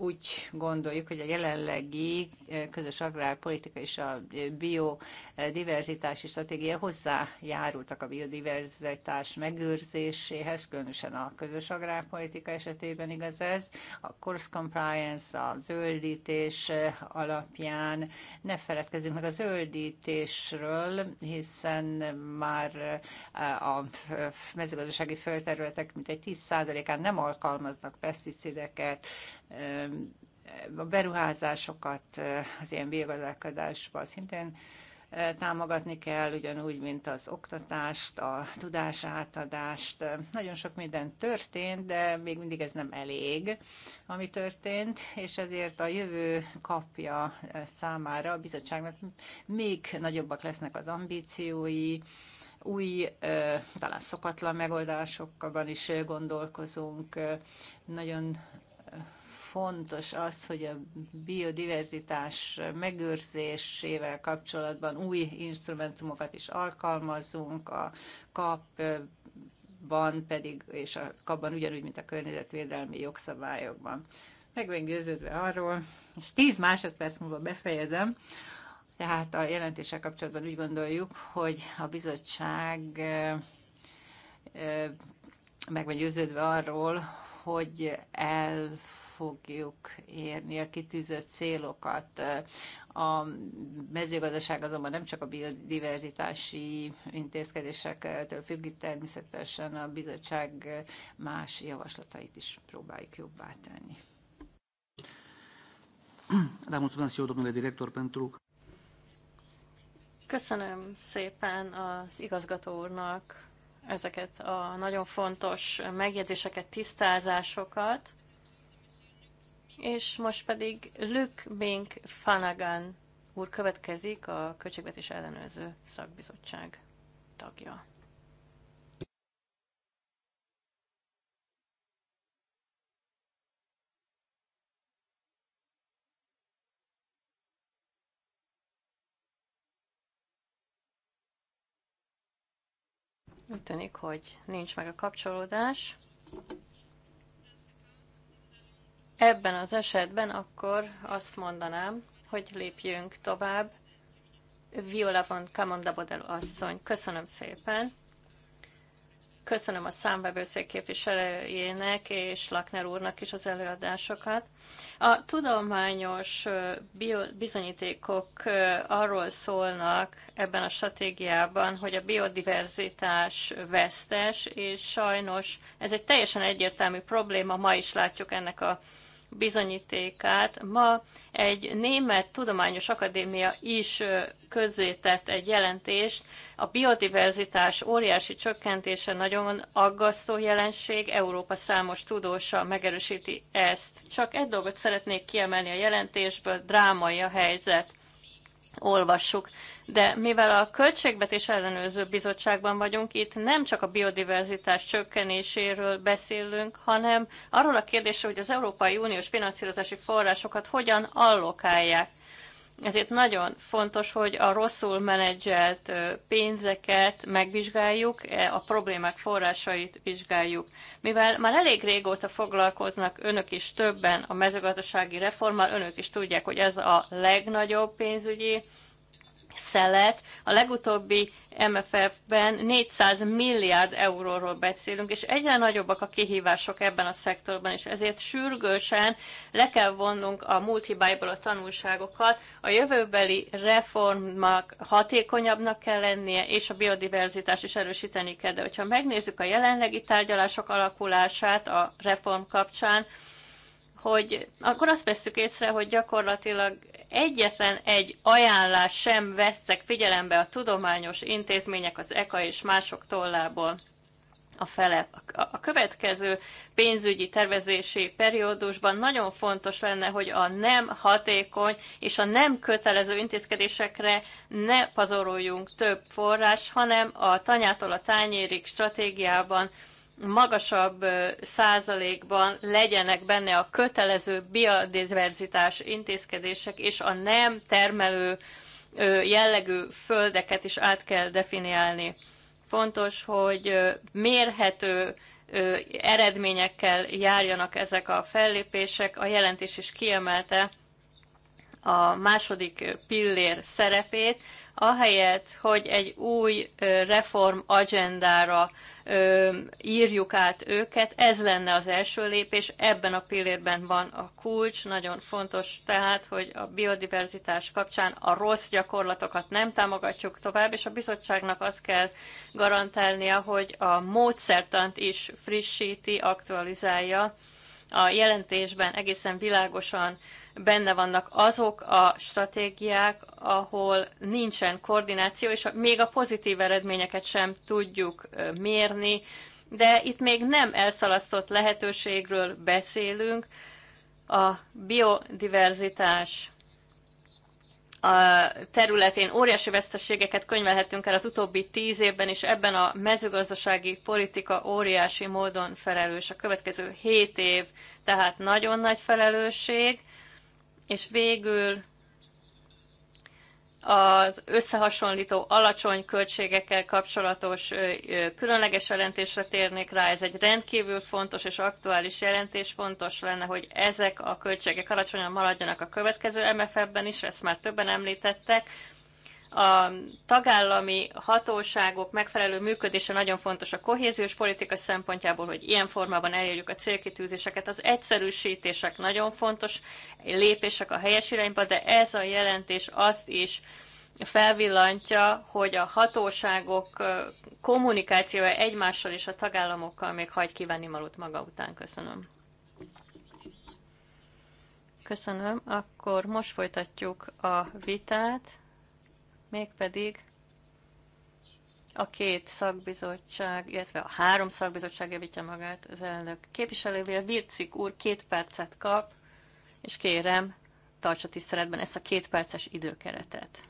úgy gondoljuk, hogy a jelenlegi eh, közös agrárpolitika és a eh, biodiverzitási stratégia hozzájárultak a biodiverzitás megőrzéséhez, különösen a közös agrárpolitika esetében igaz ez. A course compliance, a zöldítés eh, alapján ne feledkezzünk meg a zöldítésről, hiszen már a mezőgazdasági földterületek mintegy 10%-án nem alkalmaznak peszticideket, a beruházásokat az ilyen végazálkodásban szintén támogatni kell, ugyanúgy, mint az oktatást, a tudásátadást. Nagyon sok minden történt, de még mindig ez nem elég, ami történt, és ezért a jövő kapja számára a bizottságnak még nagyobbak lesznek az ambíciói, új, talán szokatlan megoldásokban is gondolkozunk. Nagyon fontos az, hogy a biodiverzitás megőrzésével kapcsolatban új instrumentumokat is alkalmazunk, a kapban pedig, és a kapban ugyanúgy, mint a környezetvédelmi jogszabályokban. Meg győződve arról, és 10 másodperc múlva befejezem, tehát a jelentéssel kapcsolatban úgy gondoljuk, hogy a bizottság meg vagy győződve arról, hogy el fogjuk érni a kitűzött célokat. A mezőgazdaság azonban nem csak a biodiverzitási intézkedésektől függ, természetesen a bizottság más javaslatait is próbáljuk jobbá tenni. Köszönöm szépen az igazgató úrnak ezeket a nagyon fontos megjegyzéseket, tisztázásokat. És most pedig Luc Bink Fanagan úr következik, a Költségvetés Ellenőrző Szakbizottság tagja. Úgy tűnik, hogy nincs meg a kapcsolódás. Ebben az esetben akkor azt mondanám, hogy lépjünk tovább. Viola von Camonda Bodel asszony, köszönöm szépen. Köszönöm a számvevőszék képviselőjének és Lakner úrnak is az előadásokat. A tudományos bizonyítékok arról szólnak ebben a stratégiában, hogy a biodiverzitás vesztes, és sajnos ez egy teljesen egyértelmű probléma, ma is látjuk ennek a bizonyítékát. Ma egy német tudományos akadémia is közzétett egy jelentést. A biodiverzitás óriási csökkentése nagyon aggasztó jelenség, Európa számos tudósa megerősíti ezt. Csak egy dolgot szeretnék kiemelni a jelentésből, drámai a helyzet. Olvassuk de mivel a Költségvetés Ellenőrző Bizottságban vagyunk, itt nem csak a biodiverzitás csökkenéséről beszélünk, hanem arról a kérdésről, hogy az Európai Uniós finanszírozási forrásokat hogyan allokálják. Ezért nagyon fontos, hogy a rosszul menedzselt pénzeket megvizsgáljuk, e, a problémák forrásait vizsgáljuk. Mivel már elég régóta foglalkoznak önök is többen a mezőgazdasági reformmal, önök is tudják, hogy ez a legnagyobb pénzügyi szelet. A legutóbbi MFF-ben 400 milliárd euróról beszélünk, és egyre nagyobbak a kihívások ebben a szektorban, és ezért sürgősen le kell vonnunk a multibájból a tanulságokat. A jövőbeli reformnak hatékonyabbnak kell lennie, és a biodiverzitás is erősíteni kell. De hogyha megnézzük a jelenlegi tárgyalások alakulását a reform kapcsán, hogy akkor azt veszük észre, hogy gyakorlatilag egyetlen egy ajánlás sem veszek figyelembe a tudományos intézmények, az ECA és mások tollából a fele. A következő pénzügyi tervezési periódusban nagyon fontos lenne, hogy a nem hatékony és a nem kötelező intézkedésekre ne pazaroljunk több forrás, hanem a tanyától a tányérig stratégiában magasabb százalékban legyenek benne a kötelező biodiverzitás intézkedések, és a nem termelő jellegű földeket is át kell definiálni. Fontos, hogy mérhető eredményekkel járjanak ezek a fellépések. A jelentés is kiemelte, a második pillér szerepét, ahelyett, hogy egy új reform agendára írjuk át őket, ez lenne az első lépés, ebben a pillérben van a kulcs, nagyon fontos tehát, hogy a biodiverzitás kapcsán a rossz gyakorlatokat nem támogatjuk tovább, és a bizottságnak azt kell garantálnia, hogy a módszertant is frissíti, aktualizálja, a jelentésben egészen világosan benne vannak azok a stratégiák, ahol nincsen koordináció, és még a pozitív eredményeket sem tudjuk mérni, de itt még nem elszalasztott lehetőségről beszélünk. A biodiverzitás a területén óriási veszteségeket könyvelhetünk el az utóbbi tíz évben, és ebben a mezőgazdasági politika óriási módon felelős. A következő hét év tehát nagyon nagy felelősség, és végül az összehasonlító alacsony költségekkel kapcsolatos különleges jelentésre térnék rá. Ez egy rendkívül fontos és aktuális jelentés. Fontos lenne, hogy ezek a költségek alacsonyan maradjanak a következő MFF-ben is, ezt már többen említettek a tagállami hatóságok megfelelő működése nagyon fontos a kohéziós politika szempontjából, hogy ilyen formában elérjük a célkitűzéseket. Az egyszerűsítések nagyon fontos lépések a helyes irányba, de ez a jelentés azt is felvillantja, hogy a hatóságok kommunikációja egymással és a tagállamokkal még hagy kívánni malut maga után. Köszönöm. Köszönöm. Akkor most folytatjuk a vitát mégpedig a két szakbizottság, illetve a három szakbizottság javítja magát az elnök képviselővel. Vircik úr két percet kap, és kérem, tartsa tiszteletben ezt a két perces időkeretet.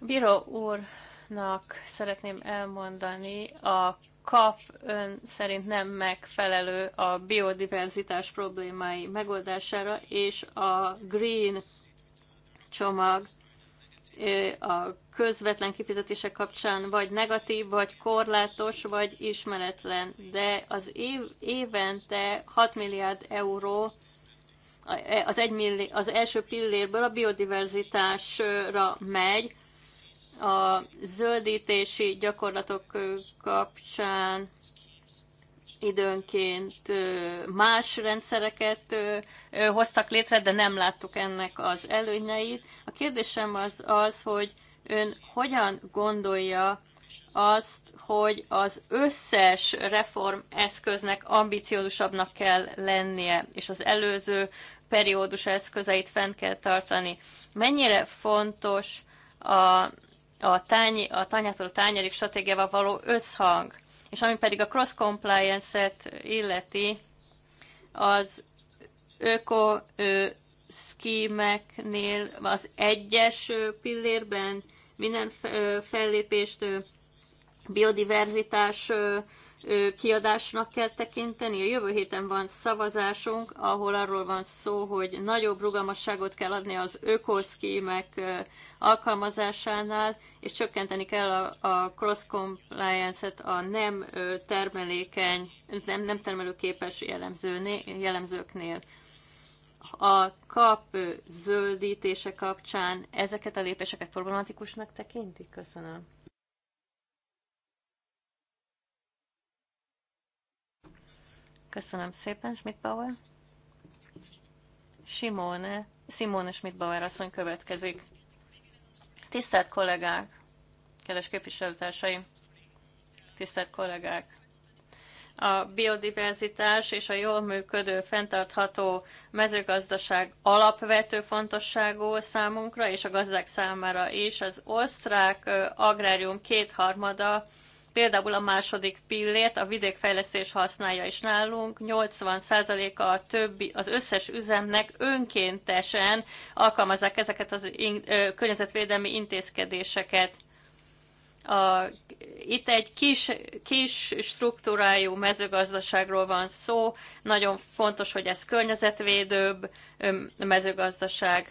Bíró úrnak szeretném elmondani a kap ön szerint nem megfelelő a biodiverzitás problémái megoldására, és a green csomag a közvetlen kifizetése kapcsán vagy negatív, vagy korlátos, vagy ismeretlen, de az év, évente 6 milliárd euró e, az, egy milli, az első pillérből a biodiverzitásra megy, a zöldítési gyakorlatok kapcsán időnként más rendszereket hoztak létre, de nem láttuk ennek az előnyeit. A kérdésem az az, hogy ön hogyan gondolja azt, hogy az összes reformeszköznek ambiciózusabbnak kell lennie, és az előző periódus eszközeit fent kell tartani. Mennyire fontos a a, tány, a tányától a tányerik stratégiával való összhang. És ami pedig a cross-compliance-et illeti, az öko ö, schímeknél az egyes pillérben minden fellépést biodiverzitás kiadásnak kell tekinteni. A jövő héten van szavazásunk, ahol arról van szó, hogy nagyobb rugalmasságot kell adni az ökoszkémek alkalmazásánál, és csökkenteni kell a, a cross-compliance-et a nem termelékeny, nem, nem termelőképes jellemzőknél. A kap zöldítése kapcsán ezeket a lépéseket problematikusnak tekintik? Köszönöm. Köszönöm szépen, Schmidt-Bauer. Simone, Simone Schmidt-Bauer asszony következik. Tisztelt kollégák, kedves képviselőtársaim, tisztelt kollégák! A biodiverzitás és a jól működő, fenntartható mezőgazdaság alapvető fontosságú számunkra és a gazdák számára is. Az osztrák agrárium kétharmada Például a második pillért a vidékfejlesztés használja is nálunk, 80%-a a többi, az összes üzemnek önkéntesen alkalmazzák ezeket az in, ö, környezetvédelmi intézkedéseket. A, itt egy kis, kis struktúrájú mezőgazdaságról van szó, nagyon fontos, hogy ez környezetvédőbb mezőgazdaság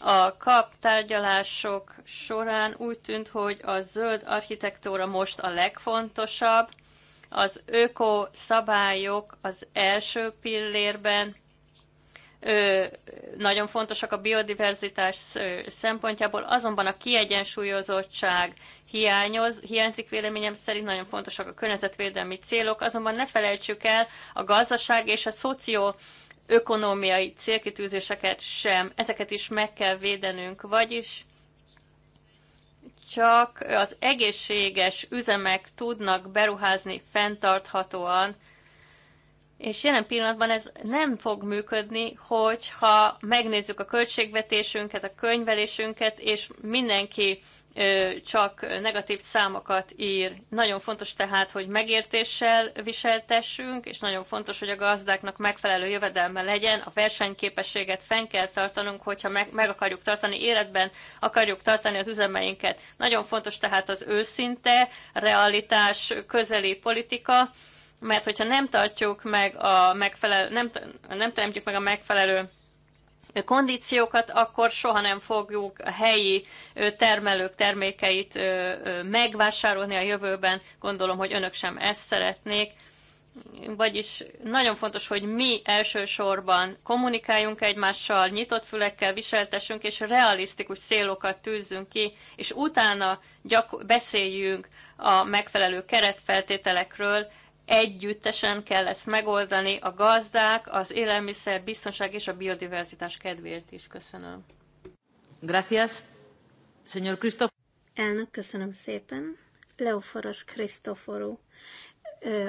a kap tárgyalások során úgy tűnt, hogy a zöld architektúra most a legfontosabb, az öko szabályok az első pillérben ö, nagyon fontosak a biodiverzitás szempontjából, azonban a kiegyensúlyozottság hiányoz, hiányzik véleményem szerint, nagyon fontosak a környezetvédelmi célok, azonban ne felejtsük el a gazdaság és a szoció ökonómiai célkitűzéseket sem. Ezeket is meg kell védenünk, vagyis csak az egészséges üzemek tudnak beruházni fenntarthatóan, és jelen pillanatban ez nem fog működni, hogyha megnézzük a költségvetésünket, a könyvelésünket, és mindenki csak negatív számokat ír. Nagyon fontos tehát, hogy megértéssel viseltessünk, és nagyon fontos, hogy a gazdáknak megfelelő jövedelme legyen. A versenyképességet fenn kell tartanunk, hogyha meg, meg akarjuk tartani életben, akarjuk tartani az üzemeinket. Nagyon fontos tehát az őszinte, realitás közeli politika, mert hogyha nem tartjuk meg a megfelelő, nem, nem teremtjük meg a megfelelő kondíciókat, akkor soha nem fogjuk a helyi termelők termékeit megvásárolni a jövőben. Gondolom, hogy önök sem ezt szeretnék. Vagyis nagyon fontos, hogy mi elsősorban kommunikáljunk egymással, nyitott fülekkel viseltessünk, és realisztikus célokat tűzzünk ki, és utána beszéljünk a megfelelő keretfeltételekről, együttesen kell ezt megoldani a gazdák, az élelmiszer, biztonság és a biodiverzitás kedvéért is. Köszönöm. Gracias, señor Christoph. Elnök, köszönöm szépen. Leoforos Krisztoforú.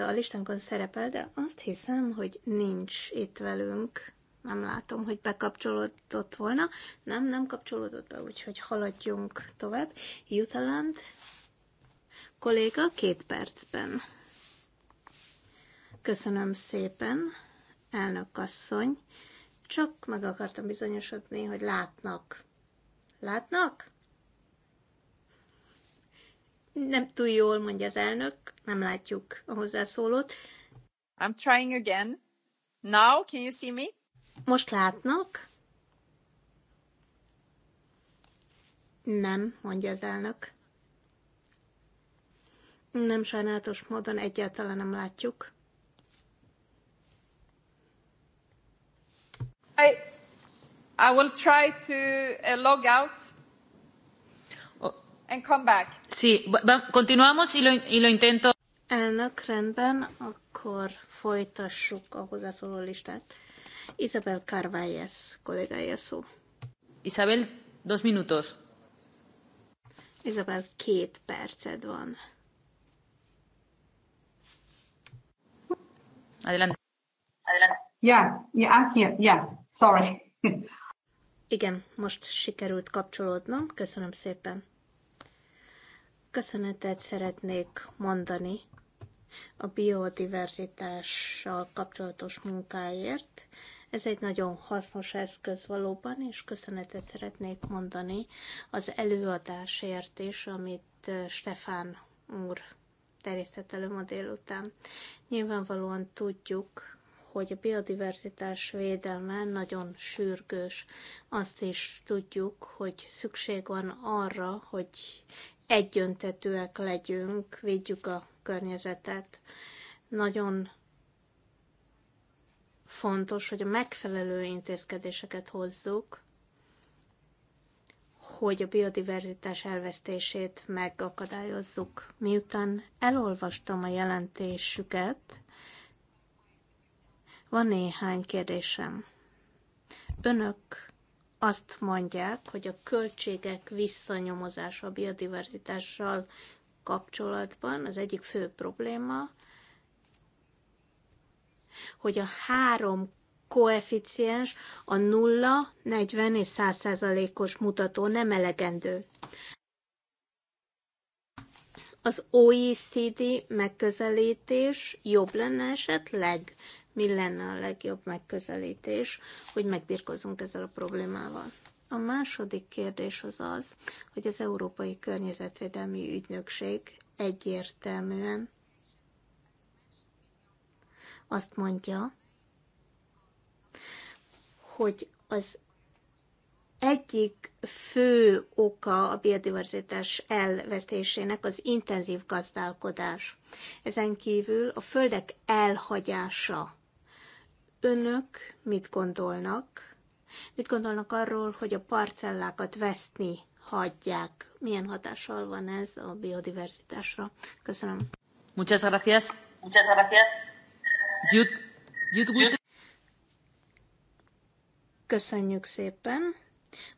A listánkon szerepel, de azt hiszem, hogy nincs itt velünk. Nem látom, hogy bekapcsolódott volna. Nem, nem kapcsolódott be, úgyhogy haladjunk tovább. Jutaland kolléga két percben. Köszönöm szépen, elnök asszony. Csak meg akartam bizonyosodni, hogy látnak. Látnak? Nem túl jól, mondja az elnök, nem látjuk a hozzászólót. I'm trying again. Now, can you see me? Most látnak? Nem, mondja az elnök. Nem sajnálatos módon egyáltalán nem látjuk. I, I will try to uh, log out and come back. Sí, continuamos y lo, y lo intento. Elnök, rendben, akkor folytassuk a hozzászóló listát. Isabel Carvalles kollégája szó. Isabel, dos minutos. Isabel, két perced van. Adelante. Adelante. Yeah, yeah, I'm here. Yeah, sorry. Igen, most sikerült kapcsolódnom. Köszönöm szépen. Köszönetet szeretnék mondani a biodiverzitással kapcsolatos munkáért. Ez egy nagyon hasznos eszköz valóban, és köszönetet szeretnék mondani az előadásért is, amit Stefán úr terjesztett elő ma délután. Nyilvánvalóan tudjuk, hogy a biodiverzitás védelme nagyon sürgős. Azt is tudjuk, hogy szükség van arra, hogy egyöntetőek legyünk, védjük a környezetet. Nagyon fontos, hogy a megfelelő intézkedéseket hozzuk, hogy a biodiverzitás elvesztését megakadályozzuk. Miután elolvastam a jelentésüket, van néhány kérdésem. Önök azt mondják, hogy a költségek visszanyomozása a biodiverzitással kapcsolatban az egyik fő probléma, hogy a három koeficiens a 0, 40 és 100 százalékos mutató nem elegendő. Az OECD megközelítés jobb lenne esetleg, mi lenne a legjobb megközelítés, hogy megbirkozunk ezzel a problémával. A második kérdés az az, hogy az Európai Környezetvédelmi Ügynökség egyértelműen azt mondja, hogy az egyik fő oka a biodiverzitás elvesztésének az intenzív gazdálkodás. Ezen kívül a földek elhagyása önök mit gondolnak? Mit gondolnak arról, hogy a parcellákat veszni hagyják? Milyen hatással van ez a biodiverzitásra? Köszönöm. Muchas gracias. Muchas gracias. Jut, jut, Köszönjük szépen.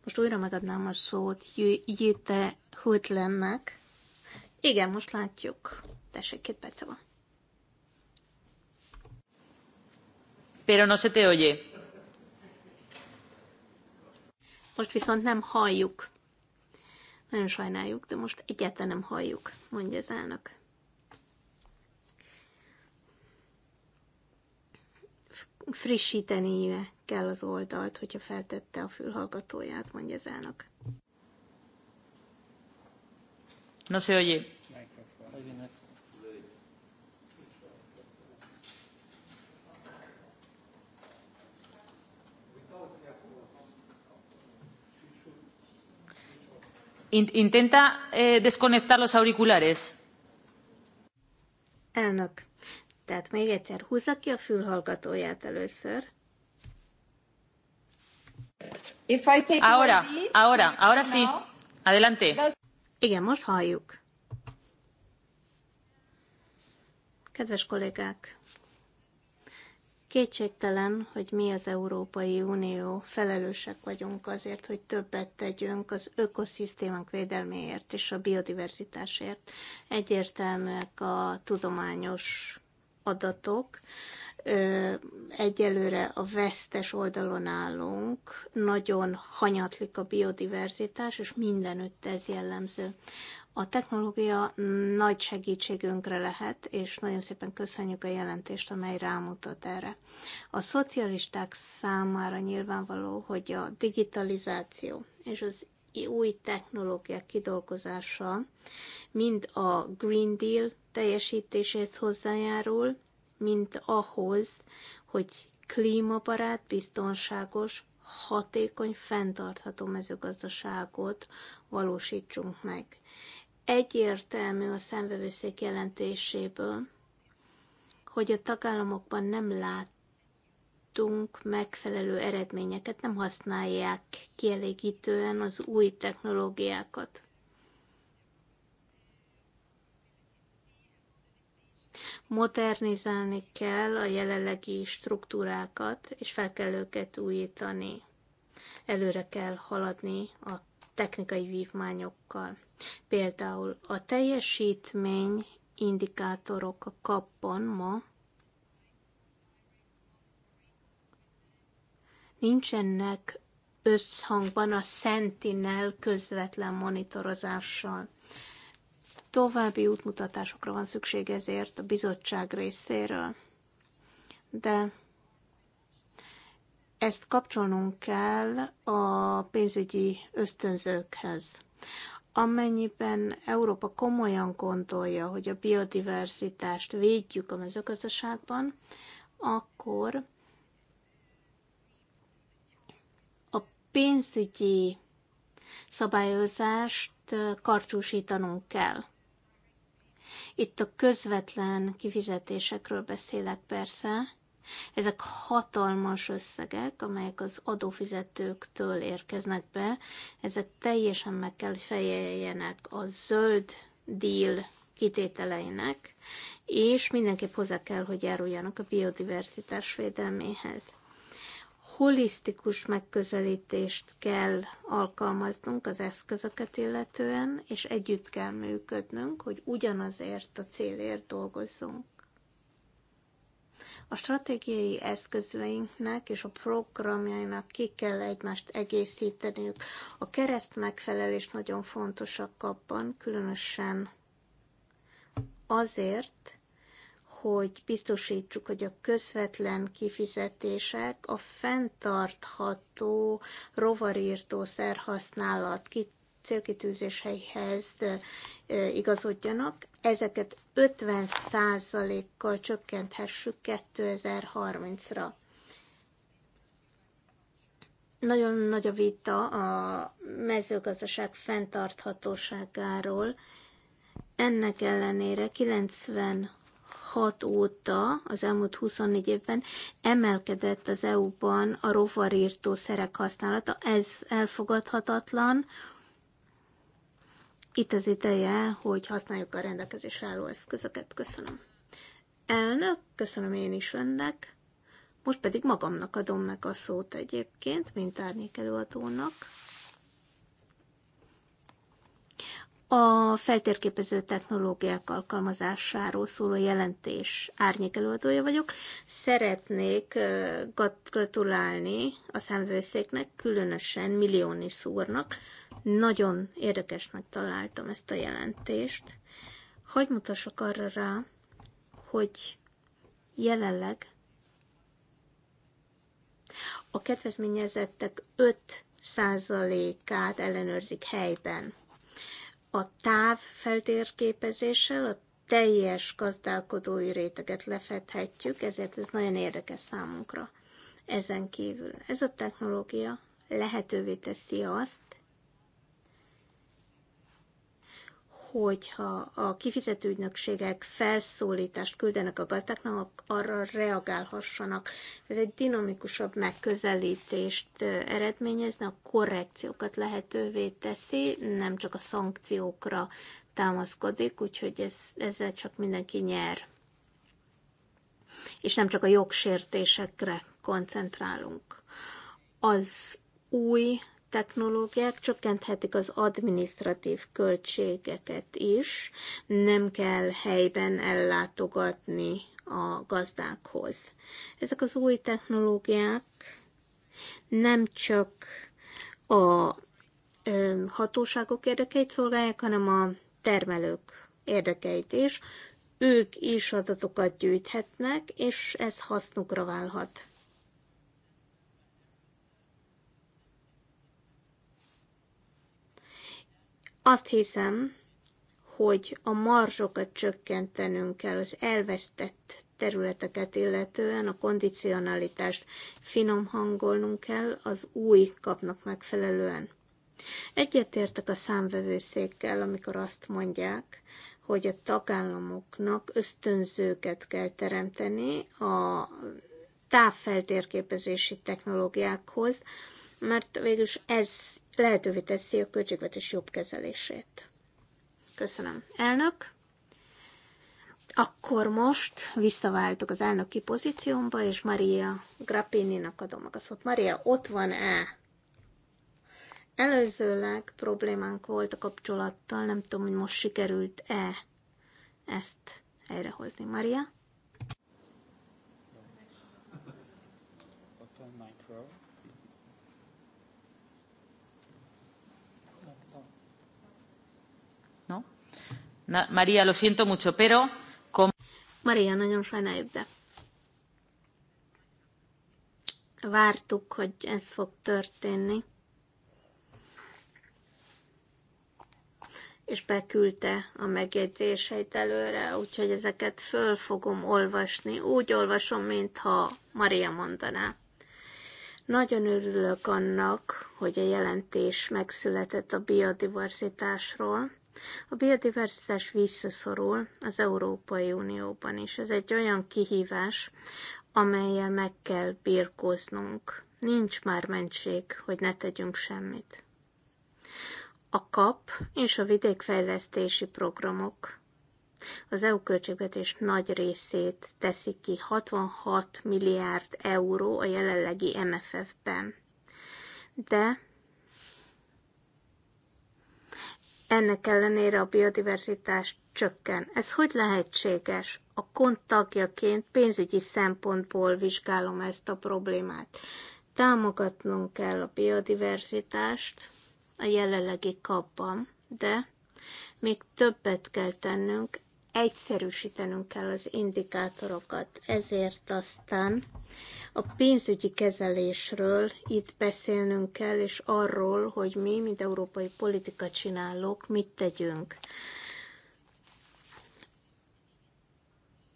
Most újra megadnám a szót Jüte Hütlennek. Igen, most látjuk. Tessék, két perce van. Pero no se te oye. Most viszont nem halljuk. Nagyon sajnáljuk, de most egyáltalán nem halljuk, mondja az elnök. Frissítenie kell az oldalt, hogyha feltette a fülhallgatóját, mondja az elnök. No se oye. Microphone. In intenta eh, desconectar los auriculares. Elnök. Tehát még egyszer húzza ki a fülhallgatóját először. If I take ahora, these, ahora, ahora sí. Adelante. Igen, most halljuk. Kedves kollégák, Kétségtelen, hogy mi az Európai Unió felelősek vagyunk azért, hogy többet tegyünk az ökoszisztémánk védelméért és a biodiverzitásért. Egyértelműek a tudományos adatok. Egyelőre a vesztes oldalon állunk, nagyon hanyatlik a biodiverzitás, és mindenütt ez jellemző. A technológia nagy segítségünkre lehet, és nagyon szépen köszönjük a jelentést, amely rámutat erre. A szocialisták számára nyilvánvaló, hogy a digitalizáció és az új technológiák kidolgozása mind a Green Deal teljesítéséhez hozzájárul, mint ahhoz, hogy klímabarát, biztonságos, hatékony, fenntartható mezőgazdaságot valósítsunk meg egyértelmű a szemvevőszék jelentéséből, hogy a tagállamokban nem látunk megfelelő eredményeket, nem használják kielégítően az új technológiákat. Modernizálni kell a jelenlegi struktúrákat, és fel kell őket újítani. Előre kell haladni a technikai vívmányokkal. Például a teljesítmény indikátorok a kapban ma nincsenek összhangban a Sentinel közvetlen monitorozással. További útmutatásokra van szükség ezért a bizottság részéről, de ezt kapcsolnunk kell a pénzügyi ösztönzőkhez amennyiben Európa komolyan gondolja, hogy a biodiverzitást védjük a mezőgazdaságban, akkor a pénzügyi szabályozást karcsúsítanunk kell. Itt a közvetlen kifizetésekről beszélek persze, ezek hatalmas összegek, amelyek az adófizetőktől érkeznek be. Ezek teljesen meg kell, hogy fejeljenek a zöld deal kitételeinek, és mindenképp hozzá kell, hogy járuljanak a biodiversitás védelméhez holisztikus megközelítést kell alkalmaznunk az eszközöket illetően, és együtt kell működnünk, hogy ugyanazért a célért dolgozzunk. A stratégiai eszközeinknek és a programjainak ki kell egymást egészíteniük. A kereszt megfelelés nagyon fontosak abban, különösen azért, hogy biztosítsuk, hogy a közvetlen kifizetések a fenntartható rovarírtószer használat célkitűzéseihez igazodjanak, ezeket 50%-kal csökkenthessük 2030-ra. Nagyon nagy a vita a mezőgazdaság fenntarthatóságáról. Ennek ellenére 96 óta, az elmúlt 24 évben emelkedett az EU-ban a rovarírtó szerek használata. Ez elfogadhatatlan, itt az ideje, hogy használjuk a rendelkezésre álló eszközöket. Köszönöm. Elnök, köszönöm én is önnek. Most pedig magamnak adom meg a szót egyébként, mint árnyék előadónak. A feltérképező technológiák alkalmazásáról szóló jelentés árnyék előadója vagyok. Szeretnék gratulálni a számvőszéknek, különösen Milliónis szúrnak, nagyon érdekesnek találtam ezt a jelentést. Hogy mutassak arra rá, hogy jelenleg a kedvezményezettek 5%-át ellenőrzik helyben. A táv feltérképezéssel a teljes gazdálkodói réteget lefedhetjük, ezért ez nagyon érdekes számunkra. Ezen kívül ez a technológia lehetővé teszi azt, hogyha a kifizető ügynökségek felszólítást küldenek a gazdáknak, arra reagálhassanak. Ez egy dinamikusabb megközelítést eredményezne, a korrekciókat lehetővé teszi, nem csak a szankciókra támaszkodik, úgyhogy ez, ezzel csak mindenki nyer. És nem csak a jogsértésekre koncentrálunk. Az új technológiák csökkenthetik az administratív költségeket is, nem kell helyben ellátogatni a gazdákhoz. Ezek az új technológiák nem csak a hatóságok érdekeit szolgálják, hanem a termelők érdekeit is. Ők is adatokat gyűjthetnek, és ez hasznukra válhat. Azt hiszem, hogy a marzsokat csökkentenünk kell az elvesztett területeket illetően, a kondicionalitást finom hangolnunk kell, az új kapnak megfelelően. Egyetértek a számvevőszékkel, amikor azt mondják, hogy a tagállamoknak ösztönzőket kell teremteni a távfeltérképezési technológiákhoz, mert végülis ez lehetővé teszi a költségvetés jobb kezelését. Köszönöm. Elnök, akkor most visszaváltok az elnöki pozíciómba, és Maria Grappini-nak adom meg a szót. Maria, ott van-e? Előzőleg problémánk volt a kapcsolattal, nem tudom, hogy most sikerült-e ezt helyrehozni. Maria? Na, María, lo siento mucho, pero... Com- Maria, nagyon sajnáljuk, de... Vártuk, hogy ez fog történni. És beküldte a megjegyzéseit előre, úgyhogy ezeket föl fogom olvasni. Úgy olvasom, mintha Maria mondaná. Nagyon örülök annak, hogy a jelentés megszületett a biodiversitásról, a biodiverzitás visszaszorul az Európai Unióban is. Ez egy olyan kihívás, amelyel meg kell birkóznunk. Nincs már mentség, hogy ne tegyünk semmit. A KAP és a vidékfejlesztési programok az EU költségvetés nagy részét teszik ki 66 milliárd euró a jelenlegi MFF-ben. De Ennek ellenére a biodiverzitás csökken. Ez hogy lehetséges? A tagjaként pénzügyi szempontból vizsgálom ezt a problémát. Támogatnunk kell a biodiverzitást a jelenlegi kapban, de még többet kell tennünk, egyszerűsítenünk kell az indikátorokat. Ezért aztán a pénzügyi kezelésről itt beszélnünk kell, és arról, hogy mi, mint európai politika csinálók, mit tegyünk.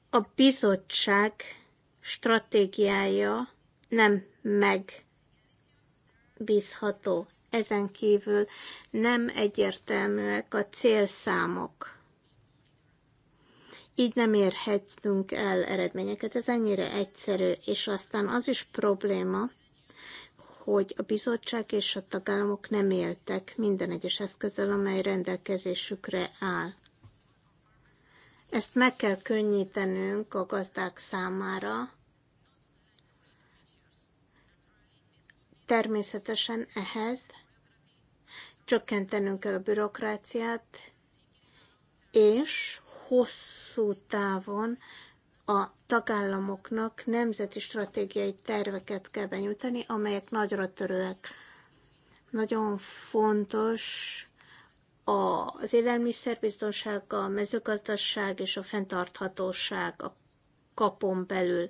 A bizottság stratégiája nem megbízható. Ezen kívül nem egyértelműek a célszámok így nem érhetünk el eredményeket. Ez ennyire egyszerű, és aztán az is probléma, hogy a bizottság és a tagállamok nem éltek minden egyes eszközzel, amely rendelkezésükre áll. Ezt meg kell könnyítenünk a gazdák számára. Természetesen ehhez csökkentenünk kell a bürokráciát, és hosszú távon a tagállamoknak nemzeti stratégiai terveket kell benyújtani, amelyek nagyra törőek. Nagyon fontos az élelmiszerbiztonság, a mezőgazdaság és a fenntarthatóság a kapon belül.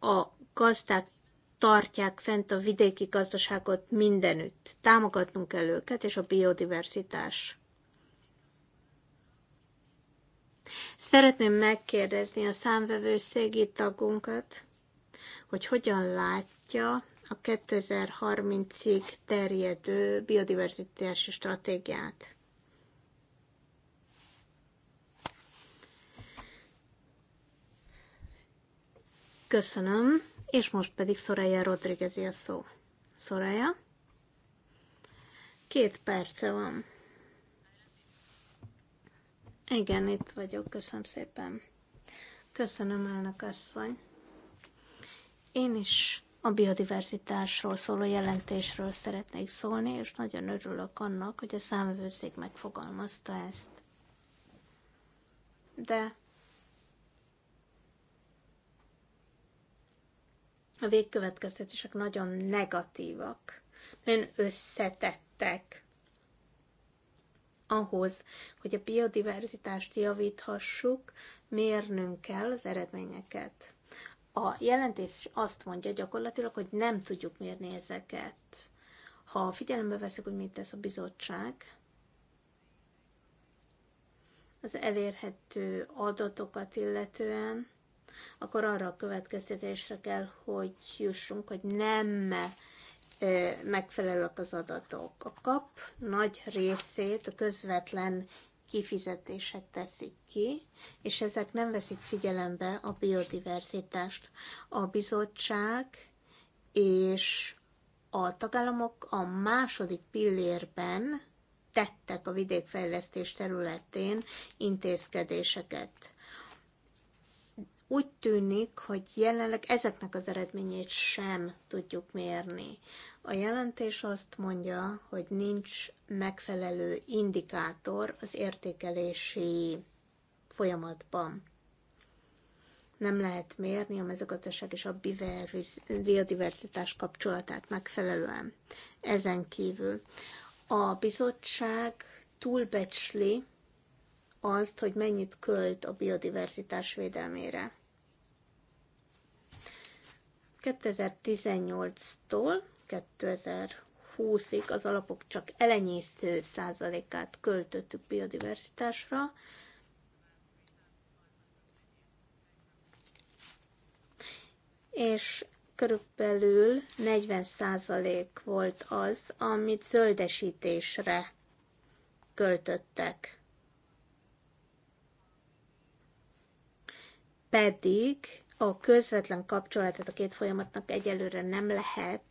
A gazdák tartják fent a vidéki gazdaságot mindenütt. Támogatnunk kell őket, és a biodiverzitás. Szeretném megkérdezni a számvevőszégi tagunkat, hogy hogyan látja a 2030-ig terjedő biodiverzitási stratégiát. Köszönöm, és most pedig Soraya Rodriguez a szó. Soraya? Két perce van. Igen, itt vagyok, köszönöm szépen. Köszönöm, elnök asszony. Én is a biodiverzitásról szóló jelentésről szeretnék szólni, és nagyon örülök annak, hogy a számvőszék megfogalmazta ezt. De a végkövetkeztetések nagyon negatívak, nagyon összetettek ahhoz, hogy a biodiverzitást javíthassuk, mérnünk kell az eredményeket. A jelentés azt mondja gyakorlatilag, hogy nem tudjuk mérni ezeket. Ha figyelembe veszük, hogy mit tesz a bizottság, az elérhető adatokat illetően, akkor arra a következtetésre kell, hogy jussunk, hogy nem megfelelőek az adatok. A kap nagy részét a közvetlen kifizetések teszik ki, és ezek nem veszik figyelembe a biodiverzitást. A bizottság és a tagállamok a második pillérben tettek a vidékfejlesztés területén intézkedéseket. Úgy tűnik, hogy jelenleg ezeknek az eredményét sem tudjuk mérni. A jelentés azt mondja, hogy nincs megfelelő indikátor az értékelési folyamatban. Nem lehet mérni a mezőgazdaság és a biodiverzitás kapcsolatát megfelelően. Ezen kívül a bizottság túlbecsli azt, hogy mennyit költ a biodiverzitás védelmére. 2018-tól 2020-ig az alapok csak elenyésző százalékát költöttük biodiversitásra, és körülbelül 40 százalék volt az, amit zöldesítésre költöttek. Pedig a közvetlen kapcsolatát a két folyamatnak egyelőre nem lehet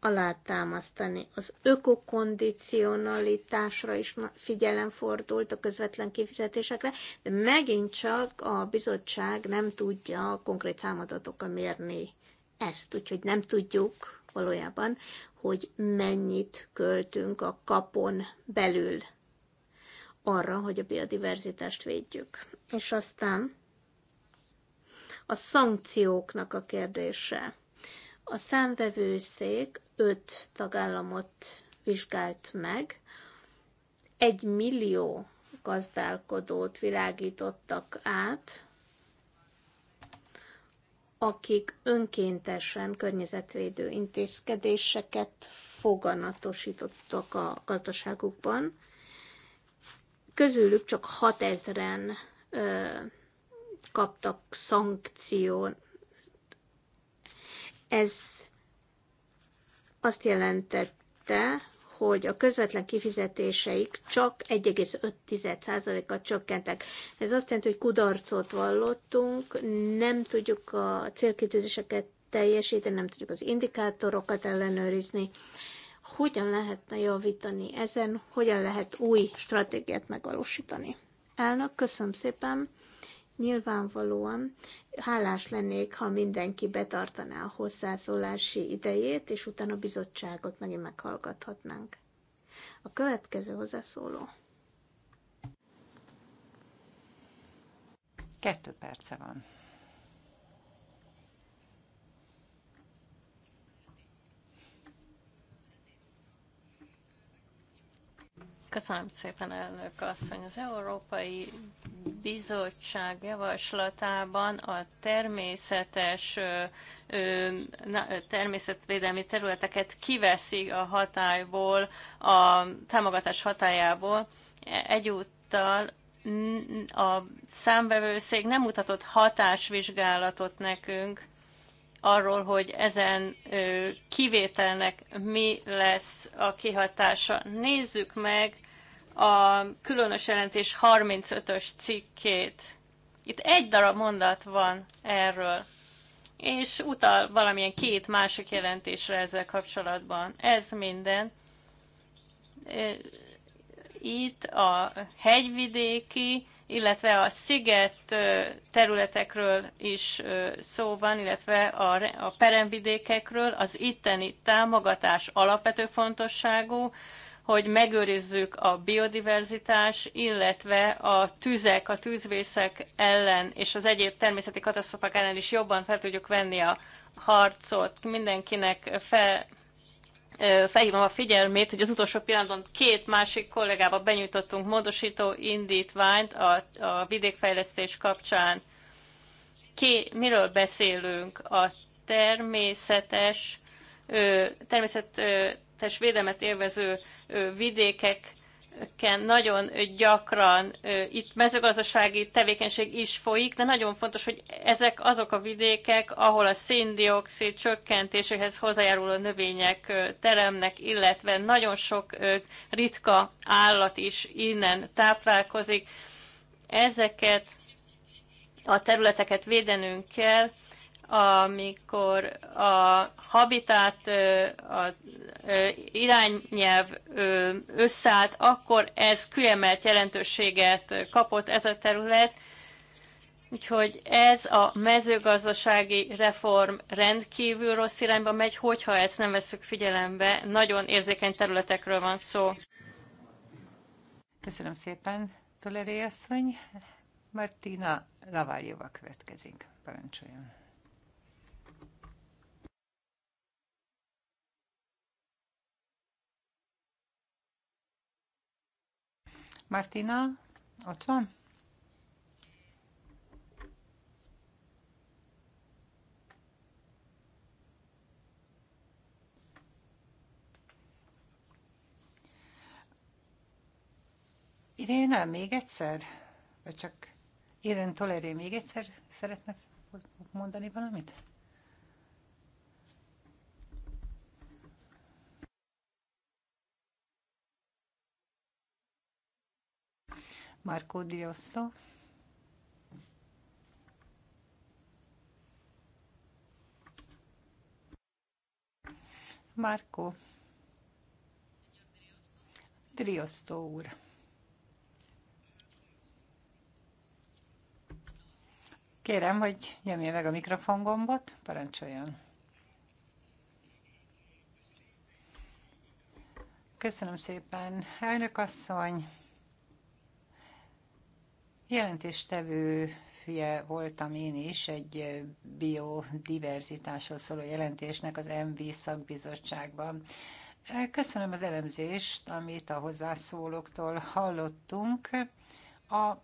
alátámasztani. Az ökokondicionalitásra is figyelem fordult a közvetlen kifizetésekre, de megint csak a bizottság nem tudja a konkrét számadatokat mérni ezt, úgyhogy nem tudjuk valójában, hogy mennyit költünk a kapon belül arra, hogy a biodiverzitást védjük. És aztán a szankcióknak a kérdése. A számvevőszék öt tagállamot vizsgált meg, egy millió gazdálkodót világítottak át, akik önkéntesen környezetvédő intézkedéseket foganatosítottak a gazdaságukban. Közülük csak 6000 ezeren kaptak szankción. Ez azt jelentette, hogy a közvetlen kifizetéseik csak 1,5%-kal csökkentek. Ez azt jelenti, hogy kudarcot vallottunk, nem tudjuk a célkitűzéseket teljesíteni, nem tudjuk az indikátorokat ellenőrizni. Hogyan lehetne javítani ezen, hogyan lehet új stratégiát megvalósítani? Elnök, köszönöm szépen! Nyilvánvalóan hálás lennék, ha mindenki betartaná a hozzászólási idejét, és utána a bizottságot megint meghallgathatnánk. A következő hozzászóló. Kettő perce van. Köszönöm szépen, elnök asszony. Az Európai Bizottság javaslatában a természetes természetvédelmi területeket kiveszik a hatályból, a támogatás hatájából. Egyúttal a számbevőszék nem mutatott hatásvizsgálatot nekünk arról, hogy ezen kivételnek mi lesz a kihatása. Nézzük meg a különös jelentés 35-ös cikkét. Itt egy darab mondat van erről, és utal valamilyen két másik jelentésre ezzel kapcsolatban. Ez minden. Itt a hegyvidéki illetve a sziget területekről is szó van, illetve a, a peremvidékekről. Az itteni támogatás alapvető fontosságú, hogy megőrizzük a biodiverzitás, illetve a tüzek, a tűzvészek ellen és az egyéb természeti katasztrofák ellen is jobban fel tudjuk venni a harcot. Mindenkinek fel felhívom a figyelmét, hogy az utolsó pillanatban két másik kollégába benyújtottunk módosító indítványt a, a vidékfejlesztés kapcsán. Ki, miről beszélünk? A természetes, természetes védelmet élvező vidékek nagyon gyakran itt mezőgazdasági tevékenység is folyik, de nagyon fontos, hogy ezek azok a vidékek, ahol a széndiokszid csökkentéséhez hozzájáruló növények teremnek, illetve nagyon sok ritka állat is innen táplálkozik. Ezeket a területeket védenünk kell, amikor a habitát a iránynyelv összeállt, akkor ez kiemelt jelentőséget kapott ez a terület, Úgyhogy ez a mezőgazdasági reform rendkívül rossz irányba megy, hogyha ezt nem veszük figyelembe. Nagyon érzékeny területekről van szó. Köszönöm szépen, Toleré asszony. Martina Laváljova következik. Parancsoljon. Martina, ott van? Iréna, még egyszer? Vagy csak Irén Toleré még egyszer szeretne mondani valamit? Marco Rosso. Marco Driosto úr. Kérem, hogy nyomja meg a mikrofongombot, parancsoljon. Köszönöm szépen, elnök asszony. Jelentéstevő fie voltam én is egy biodiverzitásról szóló jelentésnek az MV szakbizottságban. Köszönöm az elemzést, amit a hozzászólóktól hallottunk. A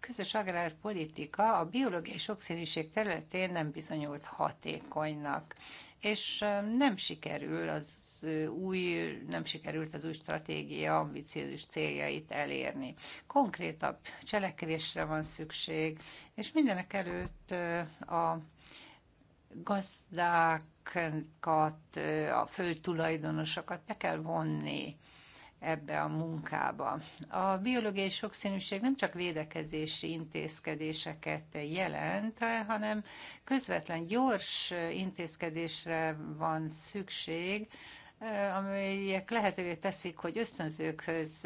közös agrárpolitika a biológiai sokszínűség területén nem bizonyult hatékonynak, és nem sikerül az új, nem sikerült az új stratégia ambiciózus céljait elérni. Konkrétabb cselekvésre van szükség, és mindenek előtt a gazdákat, a földtulajdonosokat be kell vonni ebbe a munkába. A biológiai sokszínűség nem csak védekezési intézkedéseket jelent, hanem közvetlen gyors intézkedésre van szükség, amelyek lehetővé teszik, hogy ösztönzőkhöz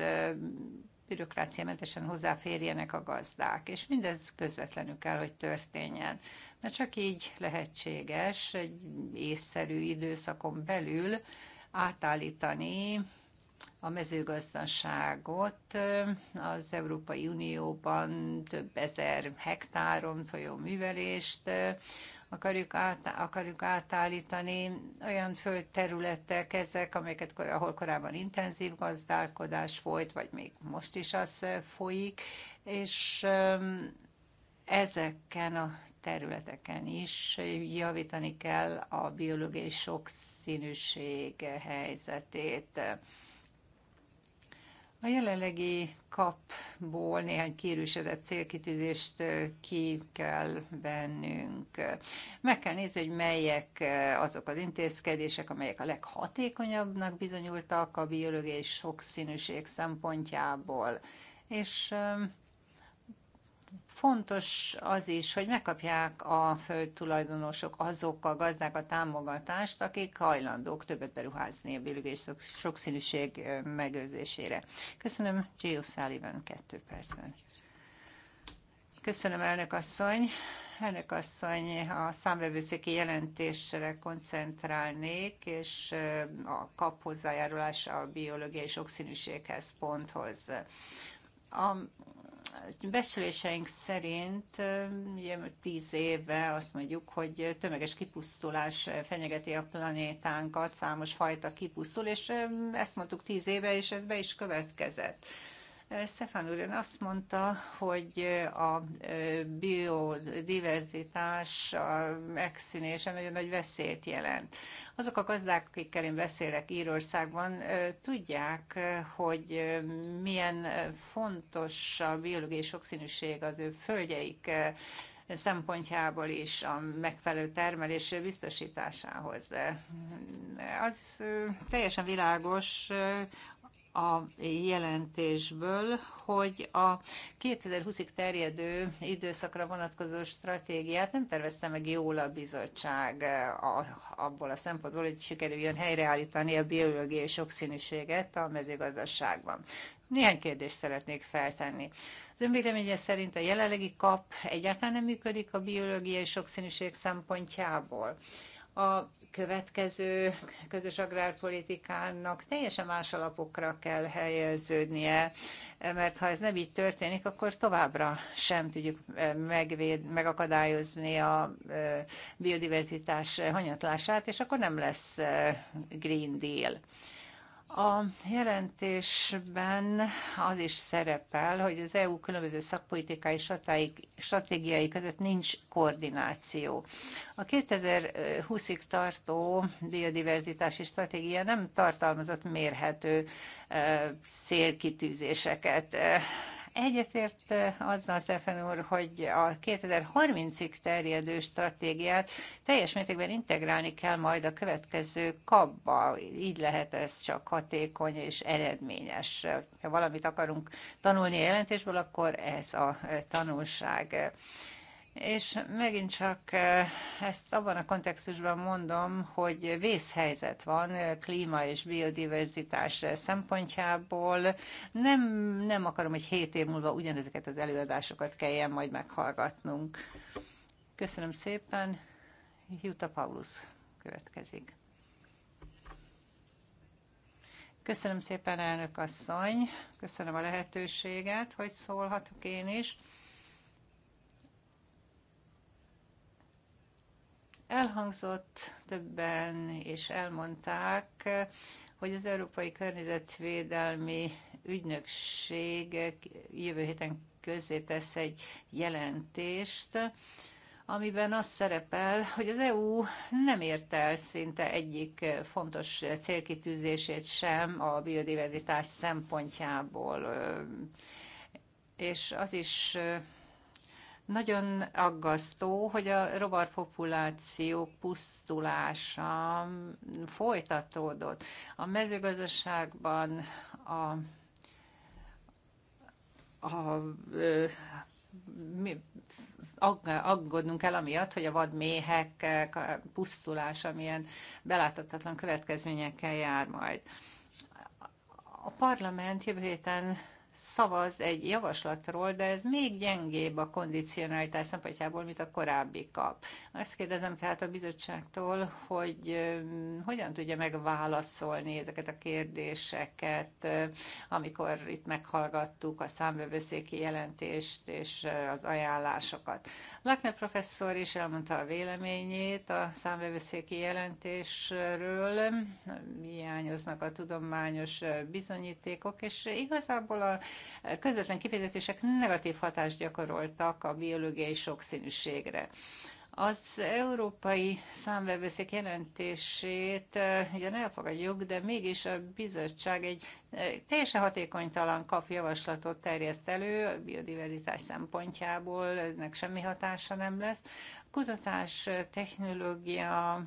bürokráciamentesen hozzáférjenek a gazdák, és mindez közvetlenül kell, hogy történjen. Mert csak így lehetséges egy észszerű időszakon belül átállítani a mezőgazdaságot az Európai Unióban több ezer hektáron folyó művelést akarjuk, át, akarjuk átállítani olyan földterületek ezek, amelyeket, ahol korábban intenzív gazdálkodás folyt, vagy még most is az folyik, és ezeken a területeken is javítani kell a biológiai sokszínűség helyzetét. A jelenlegi kapból néhány kérősedett célkitűzést ki kell vennünk. Meg kell nézni, hogy melyek azok az intézkedések, amelyek a leghatékonyabbnak bizonyultak a biológiai sokszínűség szempontjából. És Fontos az is, hogy megkapják a földtulajdonosok azok a gazdák a támogatást, akik hajlandók többet beruházni a biológiai sokszínűség megőrzésére. Köszönöm, Gio Sullivan, kettő percben. Köszönöm, elnök asszony. Elnök asszony, a számvevőszéki jelentésre koncentrálnék, és a kap hozzájárulás a biológiai sokszínűséghez ponthoz. A becsléseink szerint ugye, tíz éve azt mondjuk, hogy tömeges kipusztulás fenyegeti a planétánkat, számos fajta kipusztul, és ezt mondtuk tíz éve, és ez be is következett. Stefan úr, ön azt mondta, hogy a biodiverzitás a megszűnése nagyon nagy veszélyt jelent. Azok a gazdák, akikkel én beszélek Írországban, tudják, hogy milyen fontos a biológiai sokszínűség az ő földjeik szempontjából is a megfelelő termelés biztosításához. Az teljesen világos a jelentésből, hogy a 2020-ig terjedő időszakra vonatkozó stratégiát nem tervezte meg jól a bizottság eh, a, abból a szempontból, hogy sikerüljön helyreállítani a biológiai sokszínűséget a mezőgazdaságban. Néhány kérdést szeretnék feltenni. Az önvéleménye szerint a jelenlegi kap egyáltalán nem működik a biológiai sokszínűség szempontjából. A következő közös agrárpolitikának teljesen más alapokra kell helyeződnie, mert ha ez nem így történik, akkor továbbra sem tudjuk eh, megvéd, megakadályozni a eh, biodiverzitás hanyatlását, és akkor nem lesz eh, Green Deal. A jelentésben az is szerepel, hogy az EU különböző szakpolitikai stratégiai között nincs koordináció. A 2020-ig tartó biodiverzitási stratégia nem tartalmazott mérhető célkitűzéseket. Egyetért azzal, Stefan úr, hogy a 2030-ig terjedő stratégiát teljes mértékben integrálni kell majd a következő kabba. Így lehet ez csak hatékony és eredményes. Ha valamit akarunk tanulni a jelentésből, akkor ez a tanulság. És megint csak eh, ezt abban a kontextusban mondom, hogy vészhelyzet van eh, klíma és biodiverzitás eh, szempontjából. Nem, nem akarom, hogy hét év múlva ugyanezeket az előadásokat kelljen majd meghallgatnunk. Köszönöm szépen. Jutta Paulus következik. Köszönöm szépen, elnök asszony. Köszönöm a lehetőséget, hogy szólhatok én is. Elhangzott többen, és elmondták, hogy az Európai Környezetvédelmi Ügynökség jövő héten közé tesz egy jelentést, amiben az szerepel, hogy az EU nem ért el szinte egyik fontos célkitűzését sem a biodiverzitás szempontjából. És az is nagyon aggasztó, hogy a rovarpopuláció pusztulása folytatódott. A mezőgazdaságban a a, mi, aggódnunk kell amiatt, hogy a vadméhek eh, pusztulása milyen beláthatatlan következményekkel jár majd. A parlament jövő héten szavaz egy javaslatról, de ez még gyengébb a kondicionalitás szempontjából, mint a korábbi kap. Azt kérdezem tehát a bizottságtól, hogy hogyan tudja megválaszolni ezeket a kérdéseket, amikor itt meghallgattuk a számbevőszéki jelentést és az ajánlásokat. Lakne professzor is elmondta a véleményét a számbevőszéki jelentésről, hiányoznak a tudományos bizonyítékok, és igazából a közvetlen kifizetések negatív hatást gyakoroltak a biológiai sokszínűségre. Az európai számvevőszék jelentését eh, ugyan elfogadjuk, de mégis a bizottság egy eh, teljesen hatékonytalan kap javaslatot terjeszt elő, a biodiverzitás szempontjából ennek semmi hatása nem lesz. Kutatás, eh, technológia,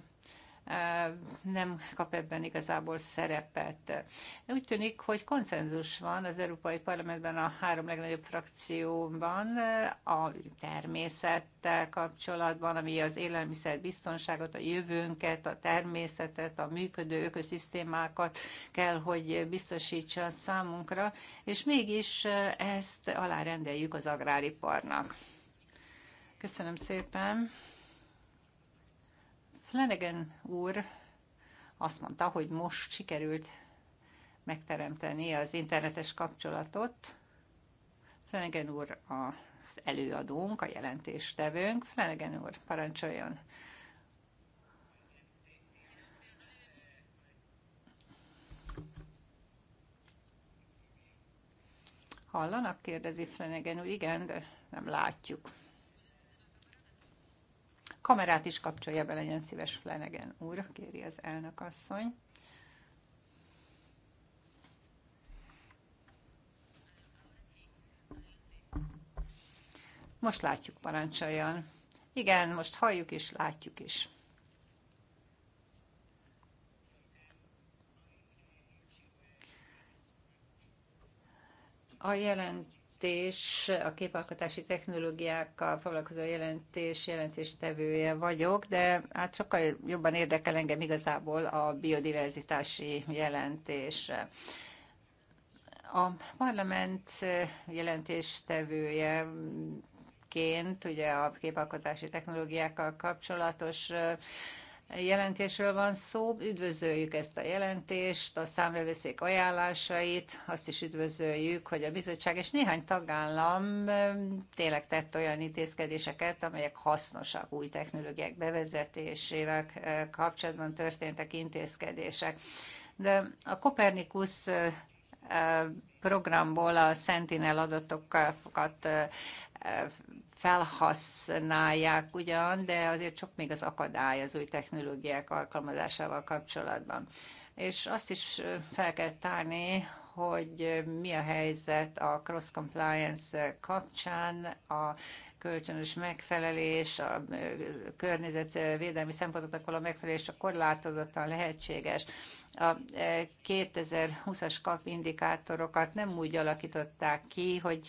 nem kap ebben igazából szerepet. Úgy tűnik, hogy konszenzus van az Európai Parlamentben a három legnagyobb frakcióban a természettel kapcsolatban, ami az élelmiszer biztonságot, a jövőnket, a természetet, a működő ökoszisztémákat kell, hogy biztosítsa számunkra, és mégis ezt alárendeljük az agráriparnak. Köszönöm szépen! Flanagan úr azt mondta, hogy most sikerült megteremteni az internetes kapcsolatot. Flanagan úr az előadónk, a jelentéstevőnk. Flanagan úr, parancsoljon! Hallanak? kérdezi Flanagan úr. Igen, de nem látjuk kamerát is kapcsolja be, legyen szíves Flanagan úr, kéri az elnök asszony. Most látjuk, parancsoljon. Igen, most halljuk és látjuk is. A jelent jelentés, a képalkotási technológiákkal foglalkozó jelentés jelentéstevője vagyok, de hát sokkal jobban érdekel engem igazából a biodiverzitási jelentés. A parlament jelentéstevője ugye a képalkotási technológiákkal kapcsolatos jelentésről van szó. Üdvözöljük ezt a jelentést, a számvevőszék ajánlásait, azt is üdvözöljük, hogy a bizottság és néhány tagállam tényleg tett olyan intézkedéseket, amelyek hasznosak új technológiák bevezetésével eh, kapcsolatban történtek intézkedések. De a Kopernikus eh, eh, programból a Sentinel adatokat felhasználják ugyan, de azért sok még az akadály az új technológiák alkalmazásával kapcsolatban. És azt is fel kell tárni, hogy mi a helyzet a cross compliance kapcsán, a kölcsönös megfelelés, a környezetvédelmi szempontoknak való megfelelés csak korlátozottan lehetséges. A 2020-as kap indikátorokat nem úgy alakították ki, hogy,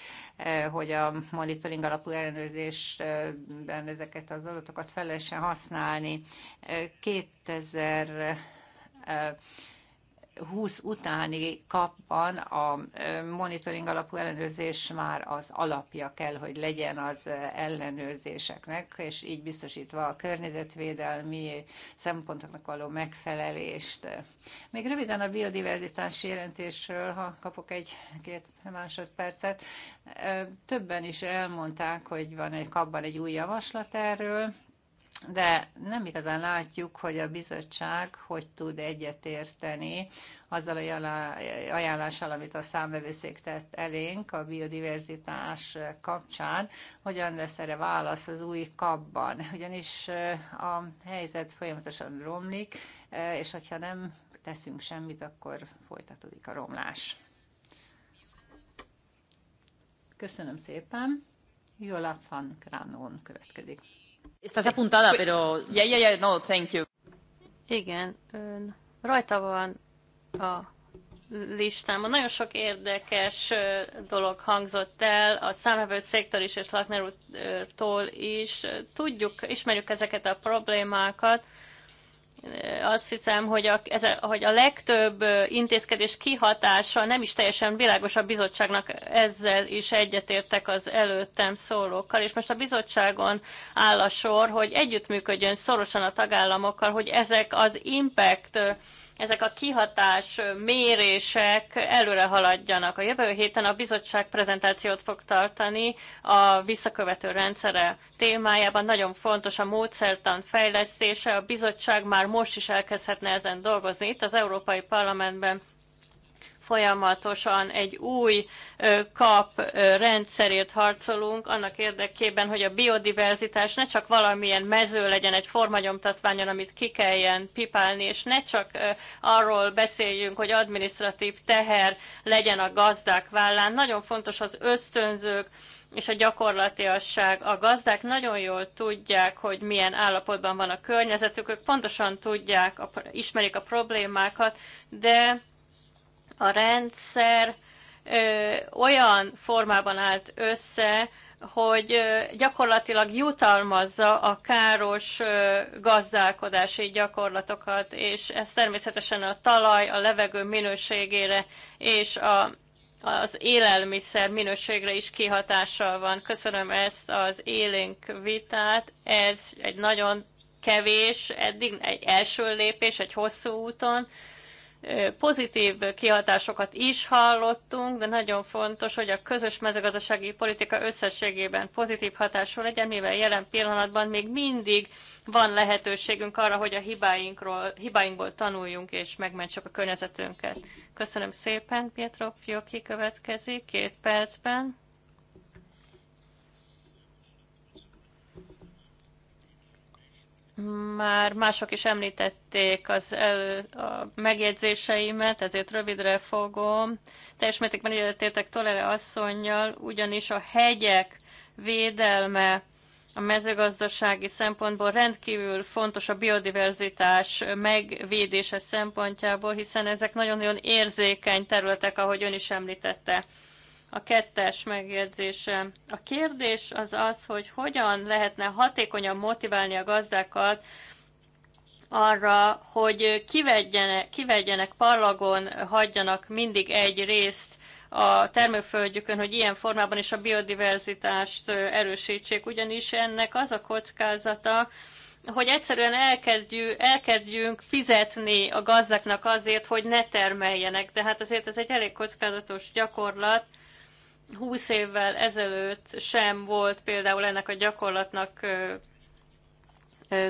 hogy a monitoring alapú ellenőrzésben ezeket az adatokat fel lehessen használni. 2000 20 utáni kapban a monitoring alapú ellenőrzés már az alapja kell, hogy legyen az ellenőrzéseknek, és így biztosítva a környezetvédelmi szempontoknak való megfelelést. Még röviden a biodiverzitás jelentésről, ha kapok egy-két másodpercet. Többen is elmondták, hogy van egy kapban egy új javaslat erről, de nem igazán látjuk, hogy a bizottság hogy tud egyetérteni azzal a ajánlással, amit a számvevőszék tett elénk a biodiverzitás kapcsán, hogyan lesz erre válasz az új kapban. Ugyanis a helyzet folyamatosan romlik, és hogyha nem teszünk semmit, akkor folytatódik a romlás. Köszönöm szépen. Jola van Kránón következik. Estás apuntada, pero... Ya, ya, ya, no, thank you. Igen, ön rajta van a listámon. Nagyon sok érdekes dolog hangzott el, a számhevő szektor is és Lakner úrtól is. Tudjuk, ismerjük ezeket a problémákat, azt hiszem, hogy a, ez a, hogy a legtöbb intézkedés kihatása nem is teljesen világos a bizottságnak, ezzel is egyetértek az előttem szólókkal, és most a bizottságon áll a sor, hogy együttműködjön szorosan a tagállamokkal, hogy ezek az impact ezek a kihatás mérések előre haladjanak. A jövő héten a bizottság prezentációt fog tartani a visszakövető rendszere témájában. Nagyon fontos a módszertan fejlesztése. A bizottság már most is elkezdhetne ezen dolgozni. Itt az Európai Parlamentben folyamatosan egy új kap rendszerért harcolunk, annak érdekében, hogy a biodiverzitás ne csak valamilyen mező legyen egy formanyomtatványon, amit ki kelljen pipálni, és ne csak arról beszéljünk, hogy administratív teher legyen a gazdák vállán. Nagyon fontos az ösztönzők, és a gyakorlatiasság. A gazdák nagyon jól tudják, hogy milyen állapotban van a környezetük, ők pontosan tudják, ismerik a problémákat, de a rendszer ö, olyan formában állt össze, hogy gyakorlatilag jutalmazza a káros gazdálkodási gyakorlatokat, és ez természetesen a talaj, a levegő minőségére és a, az élelmiszer minőségre is kihatással van. Köszönöm ezt az élénk vitát. Ez egy nagyon kevés, eddig egy első lépés, egy hosszú úton, pozitív kihatásokat is hallottunk, de nagyon fontos, hogy a közös mezőgazdasági politika összességében pozitív hatású legyen, mivel jelen pillanatban még mindig van lehetőségünk arra, hogy a hibáinkról, hibáinkból tanuljunk és megmentsük a környezetünket. Köszönöm szépen, Pietro Fiocchi következik két percben. Már mások is említették az elő, a megjegyzéseimet, ezért rövidre fogom. Teljes mértékben egyetértek Tolere asszonynal, ugyanis a hegyek védelme a mezőgazdasági szempontból rendkívül fontos a biodiverzitás megvédése szempontjából, hiszen ezek nagyon-nagyon érzékeny területek, ahogy ön is említette a kettes megjegyzésem. A kérdés az az, hogy hogyan lehetne hatékonyan motiválni a gazdákat arra, hogy kivegyenek, kivegyenek parlagon, hagyjanak mindig egy részt a termőföldjükön, hogy ilyen formában is a biodiverzitást erősítsék, ugyanis ennek az a kockázata, hogy egyszerűen elkezdjünk, elkezdjünk fizetni a gazdáknak azért, hogy ne termeljenek. De hát azért ez egy elég kockázatos gyakorlat, 20 évvel ezelőtt sem volt például ennek a gyakorlatnak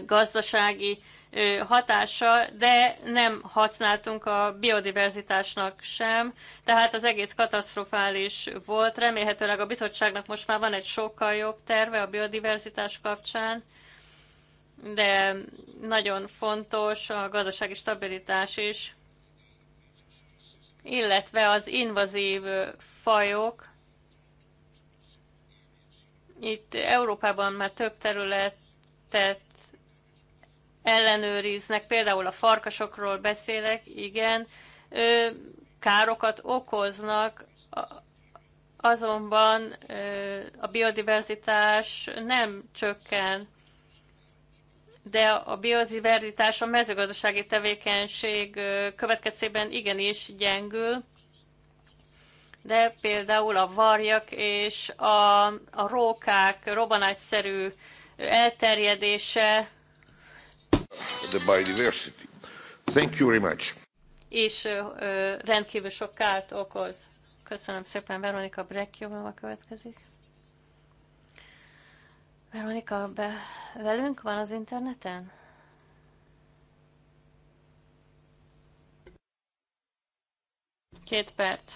gazdasági hatása, de nem használtunk a biodiverzitásnak sem, tehát az egész katasztrofális volt. Remélhetőleg a bizottságnak most már van egy sokkal jobb terve a biodiverzitás kapcsán, de nagyon fontos a gazdasági stabilitás is, illetve az invazív fajok, itt Európában már több területet ellenőriznek, például a farkasokról beszélek, igen, károkat okoznak, azonban a biodiverzitás nem csökken, de a biodiverzitás a mezőgazdasági tevékenység következtében igenis gyengül, de például a varjak és a, a rókák robbanásszerű elterjedése. The biodiversity. Thank you very much. És ö, rendkívül sok kárt okoz. Köszönöm szépen, Veronika a következik. Veronika, be, velünk van az interneten? Két perc.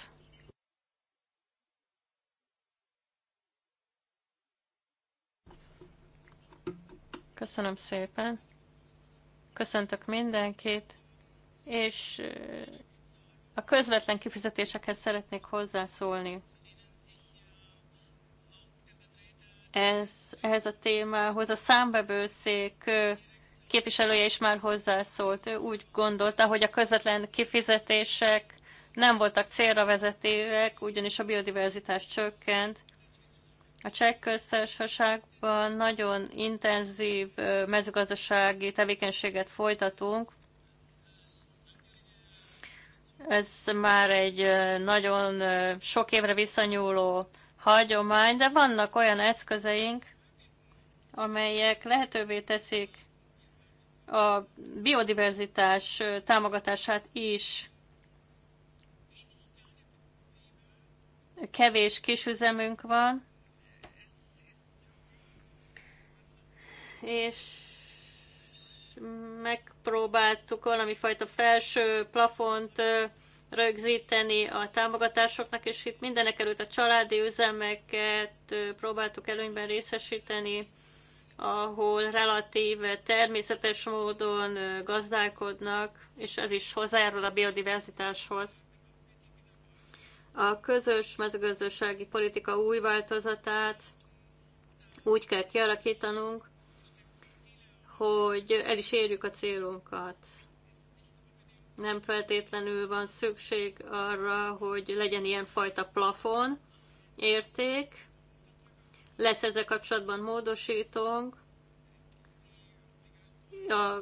Köszönöm szépen. Köszöntök mindenkit. És a közvetlen kifizetésekhez szeretnék hozzászólni. Ez, ehhez a témához a számbevőszék képviselője is már hozzászólt. Ő úgy gondolta, hogy a közvetlen kifizetések nem voltak célra vezetőek, ugyanis a biodiverzitás csökkent, a cseh köztársaságban nagyon intenzív mezőgazdasági tevékenységet folytatunk. Ez már egy nagyon sok évre visszanyúló hagyomány, de vannak olyan eszközeink, amelyek lehetővé teszik a biodiverzitás támogatását is. Kevés kisüzemünk van, és megpróbáltuk valami fajta felső plafont rögzíteni a támogatásoknak, és itt mindenek előtt a családi üzemeket próbáltuk előnyben részesíteni, ahol relatív természetes módon gazdálkodnak, és ez is hozzájárul a biodiverzitáshoz. A közös mezőgazdasági politika új változatát úgy kell kialakítanunk, hogy el is érjük a célunkat. Nem feltétlenül van szükség arra, hogy legyen ilyen fajta plafon érték. Lesz ezzel kapcsolatban módosítónk. A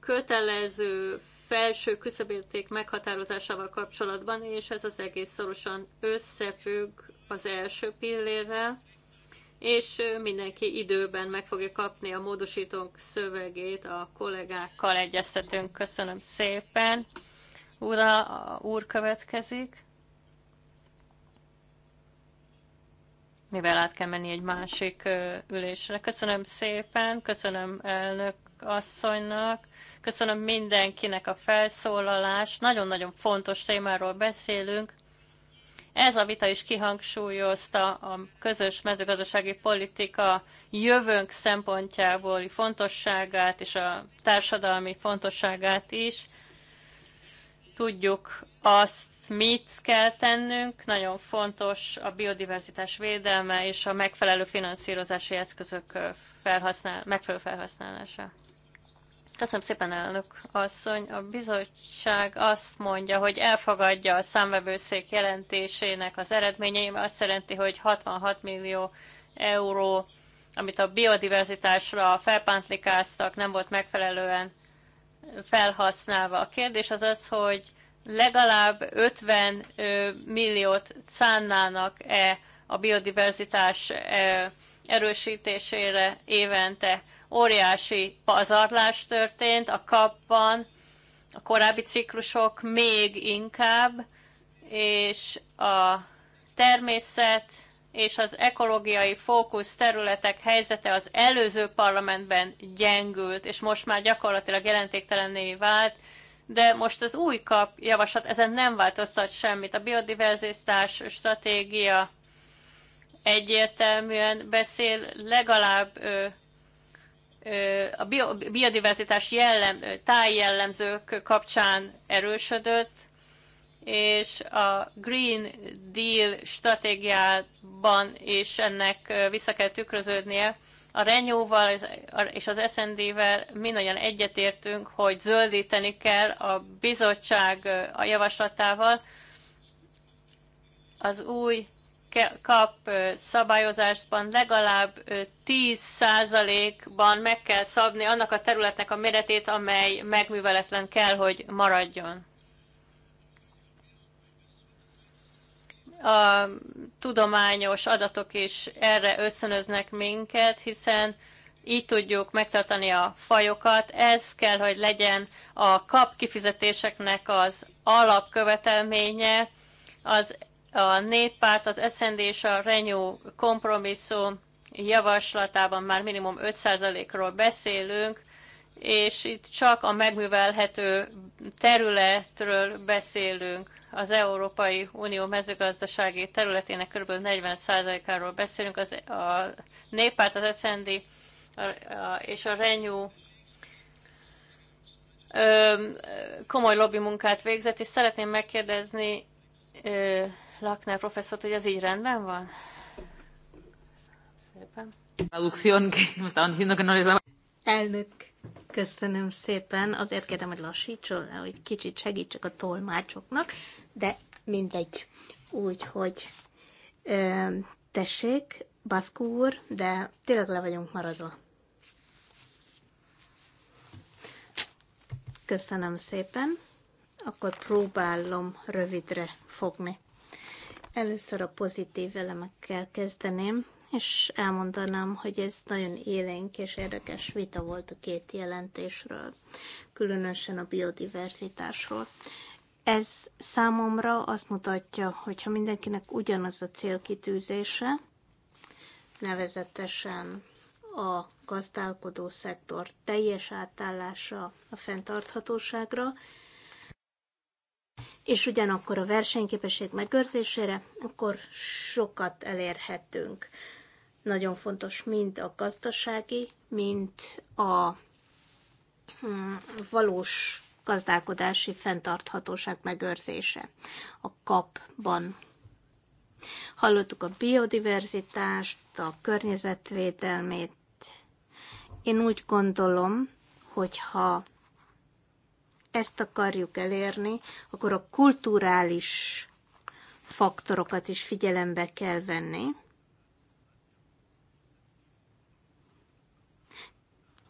kötelező felső küszöbérték meghatározásával kapcsolatban, és ez az egész szorosan összefügg az első pillérrel és mindenki időben meg fogja kapni a módosítónk szövegét, a kollégákkal egyeztetünk. Köszönöm szépen. Ura, a úr következik. Mivel át kell menni egy másik ülésre. Köszönöm szépen, köszönöm elnök asszonynak, köszönöm mindenkinek a felszólalást. Nagyon-nagyon fontos témáról beszélünk ez a vita is kihangsúlyozta a közös mezőgazdasági politika jövőnk szempontjából fontosságát és a társadalmi fontosságát is. Tudjuk azt, mit kell tennünk. Nagyon fontos a biodiverzitás védelme és a megfelelő finanszírozási eszközök felhasznál, megfelelő felhasználása. Köszönöm szépen, elnök asszony. A bizottság azt mondja, hogy elfogadja a számvevőszék jelentésének az eredményeim. Azt jelenti, hogy 66 millió euró, amit a biodiverzitásra felpántlikáztak, nem volt megfelelően felhasználva. A kérdés az az, hogy legalább 50 milliót szánnának-e a biodiverzitás erősítésére évente óriási pazarlás történt a kapban, a korábbi ciklusok még inkább, és a természet és az ekológiai fókusz területek helyzete az előző parlamentben gyengült, és most már gyakorlatilag jelentéktelenné vált, de most az új kap javaslat ezen nem változtat semmit. A biodiverzitás stratégia egyértelműen beszél legalább a biodiverzitás jellem, tájjellemzők kapcsán erősödött, és a Green Deal stratégiában is ennek vissza kell tükröződnie. A Renyóval és az SND-vel mindannyian egyetértünk, hogy zöldíteni kell a bizottság a javaslatával. Az új kap szabályozásban legalább 10%-ban meg kell szabni annak a területnek a méretét, amely megműveletlen kell, hogy maradjon. A tudományos adatok is erre összönöznek minket, hiszen így tudjuk megtartani a fajokat. Ez kell, hogy legyen a kap kifizetéseknek az alapkövetelménye. Az a néppárt, az SND és a Renew kompromisszum javaslatában már minimum 5%-ról beszélünk, és itt csak a megművelhető területről beszélünk. Az Európai Unió mezőgazdasági területének kb. 40%-áról beszélünk. Az, a néppárt, az SND és a Renew komoly lobby munkát végzett, és szeretném megkérdezni Lakner professzort, hogy ez így rendben van? Szépen. Traducción, Elnök, köszönöm szépen. Azért kérem, hogy lassítson le, hogy kicsit segítsek a tolmácsoknak, de mindegy. Úgyhogy tessék, Baszkó úr, de tényleg le vagyunk maradva. Köszönöm szépen. Akkor próbálom rövidre fogni. Először a pozitív elemekkel kezdeném, és elmondanám, hogy ez nagyon élénk és érdekes vita volt a két jelentésről, különösen a biodiverzitásról. Ez számomra azt mutatja, hogy ha mindenkinek ugyanaz a célkitűzése, nevezetesen a gazdálkodó szektor teljes átállása a fenntarthatóságra, és ugyanakkor a versenyképesség megőrzésére, akkor sokat elérhetünk. Nagyon fontos mind a gazdasági, mind a hmm, valós gazdálkodási fenntarthatóság megőrzése a kapban. Hallottuk a biodiverzitást, a környezetvédelmét. Én úgy gondolom, hogyha ezt akarjuk elérni, akkor a kulturális faktorokat is figyelembe kell venni.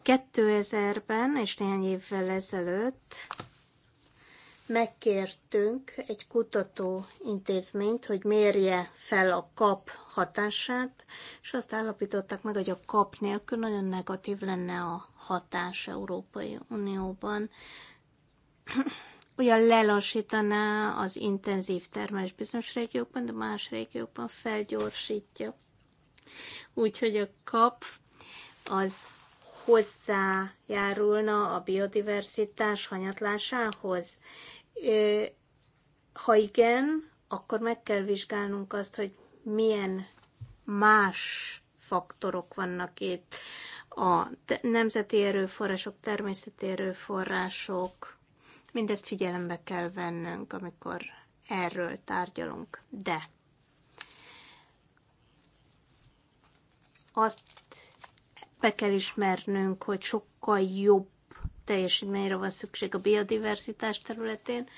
2000-ben és néhány évvel ezelőtt megkértünk egy kutatóintézményt, hogy mérje fel a kap hatását, és azt állapították meg, hogy a kap nélkül nagyon negatív lenne a hatás Európai Unióban olyan lelassítaná az intenzív termés bizonyos régiókban, de más régiókban felgyorsítja. Úgyhogy a kap az hozzájárulna a biodiversitás hanyatlásához. Ha igen, akkor meg kell vizsgálnunk azt, hogy milyen más faktorok vannak itt. A nemzeti erőforrások, természeti erőforrások, Mindezt figyelembe kell vennünk, amikor erről tárgyalunk. De azt be kell ismernünk, hogy sokkal jobb teljesítményre van szükség a biodiverzitás területén,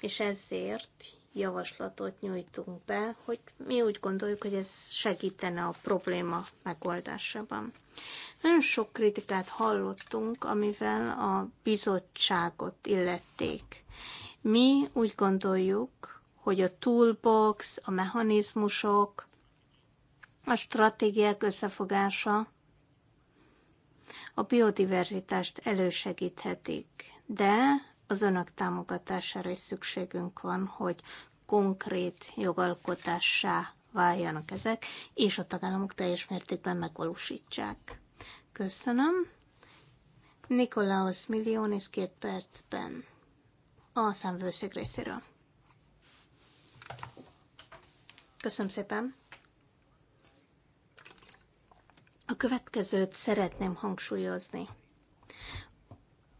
és ezért javaslatot nyújtunk be, hogy mi úgy gondoljuk, hogy ez segítene a probléma megoldásában. Nagyon sok kritikát hallottunk, amivel a bizottságot illették. Mi úgy gondoljuk, hogy a toolbox, a mechanizmusok, a stratégiák összefogása a biodiverzitást elősegíthetik, de az önök támogatására is szükségünk van, hogy konkrét jogalkotássá váljanak ezek, és a tagállamok teljes mértékben megvalósítsák. Köszönöm. Nikolaos Millionis két percben a számvőszék részéről. Köszönöm szépen. A következőt szeretném hangsúlyozni.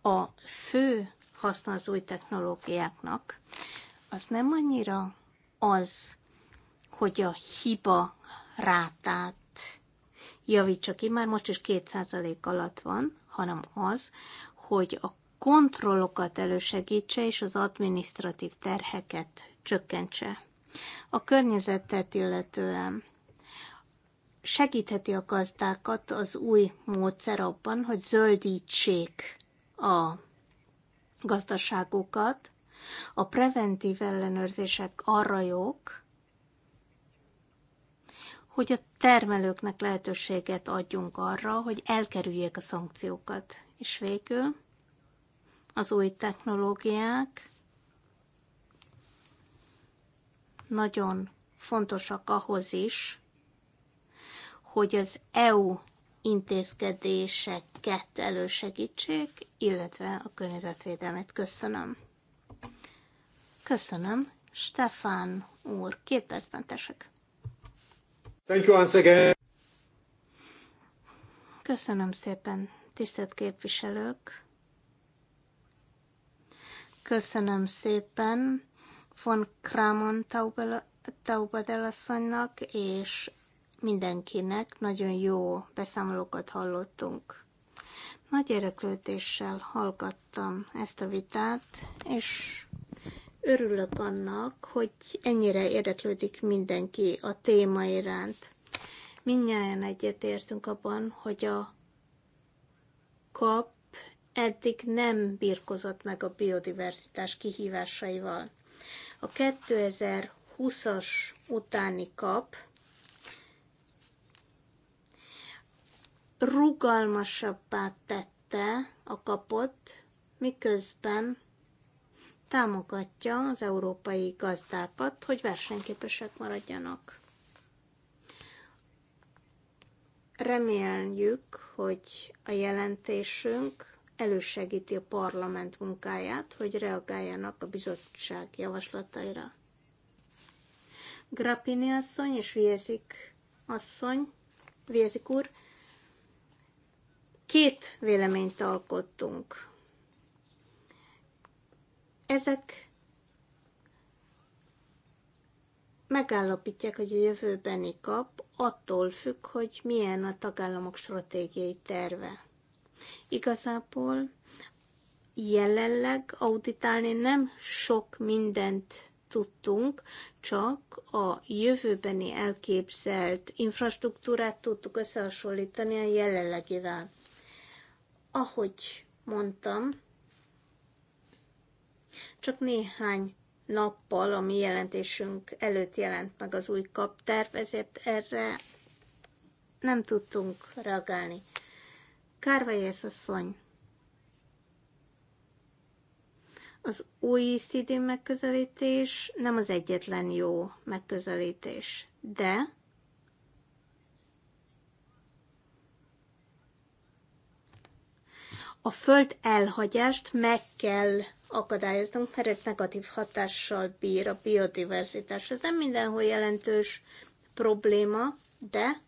A fő haszna az új technológiáknak, az nem annyira az, hogy a hiba rátát javítsa ki, már most is 2% alatt van, hanem az, hogy a kontrollokat elősegítse és az adminisztratív terheket csökkentse. A környezetet illetően segítheti a gazdákat az új módszer abban, hogy zöldítsék a gazdaságukat. A preventív ellenőrzések arra jók, hogy a termelőknek lehetőséget adjunk arra, hogy elkerüljék a szankciókat. És végül az új technológiák nagyon fontosak ahhoz is, hogy az EU intézkedéseket elősegítsék, illetve a környezetvédelmet. Köszönöm. Köszönöm. Stefan úr, két percben tesek. Thank you once again. Köszönöm szépen, tisztelt képviselők. Köszönöm szépen von Kramon Taubadelasszonynak és mindenkinek. Nagyon jó beszámolókat hallottunk. Nagy érdeklődéssel hallgattam ezt a vitát, és örülök annak, hogy ennyire érdeklődik mindenki a téma iránt. Mindnyáján egyetértünk abban, hogy a kap eddig nem birkozott meg a biodiverzitás kihívásaival. A 2020-as utáni kap rugalmasabbá tette a kapott, miközben támogatja az európai gazdákat, hogy versenyképesek maradjanak. Reméljük, hogy a jelentésünk elősegíti a parlament munkáját, hogy reagáljanak a bizottság javaslataira. Grappini asszony és Viezik asszony, Viezik úr, Két véleményt alkottunk. Ezek megállapítják, hogy a jövőbeni kap attól függ, hogy milyen a tagállamok stratégiai terve. Igazából jelenleg auditálni nem sok mindent tudtunk, csak a jövőbeni elképzelt infrastruktúrát tudtuk összehasonlítani a jelenlegivel. Ahogy mondtam, csak néhány nappal a mi jelentésünk előtt jelent meg az új kapterv, ezért erre nem tudtunk reagálni. a asszony, az új CD megközelítés nem az egyetlen jó megközelítés, de A föld elhagyást meg kell akadályoznunk, mert ez negatív hatással bír a biodiverzitás. Ez nem mindenhol jelentős probléma, de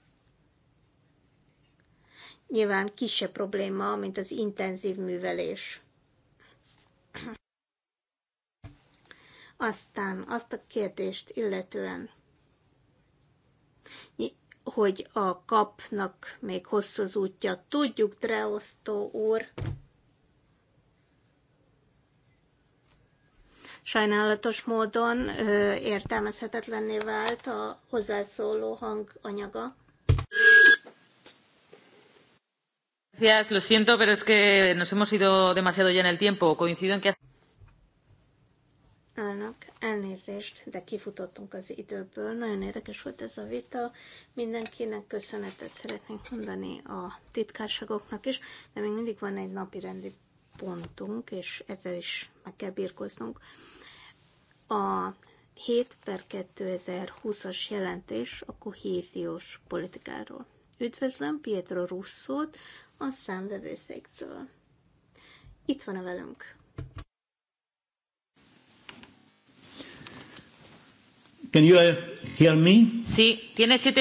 nyilván kisebb probléma, mint az intenzív művelés. Aztán azt a kérdést illetően, hogy a kapnak még hosszú az útja. Tudjuk, Dreosztó úr. Sajnálatos módon ö, értelmezhetetlenné vált a hozzászóló hang anyaga. Gracias, lo siento, pero es que nos hemos ido demasiado ya en el tiempo. Coincido en que állnak. Elnézést, de kifutottunk az időből. Nagyon érdekes volt ez a vita. Mindenkinek köszönetet szeretnék mondani a titkárságoknak is, de még mindig van egy napi rendi pontunk, és ezzel is meg kell birkoznunk. A 7 per 2020-as jelentés a kohéziós politikáról. Üdvözlöm Pietro Russzót a számvevőszéktől. Itt van a velünk. Can you hear me? Sí, tiene siete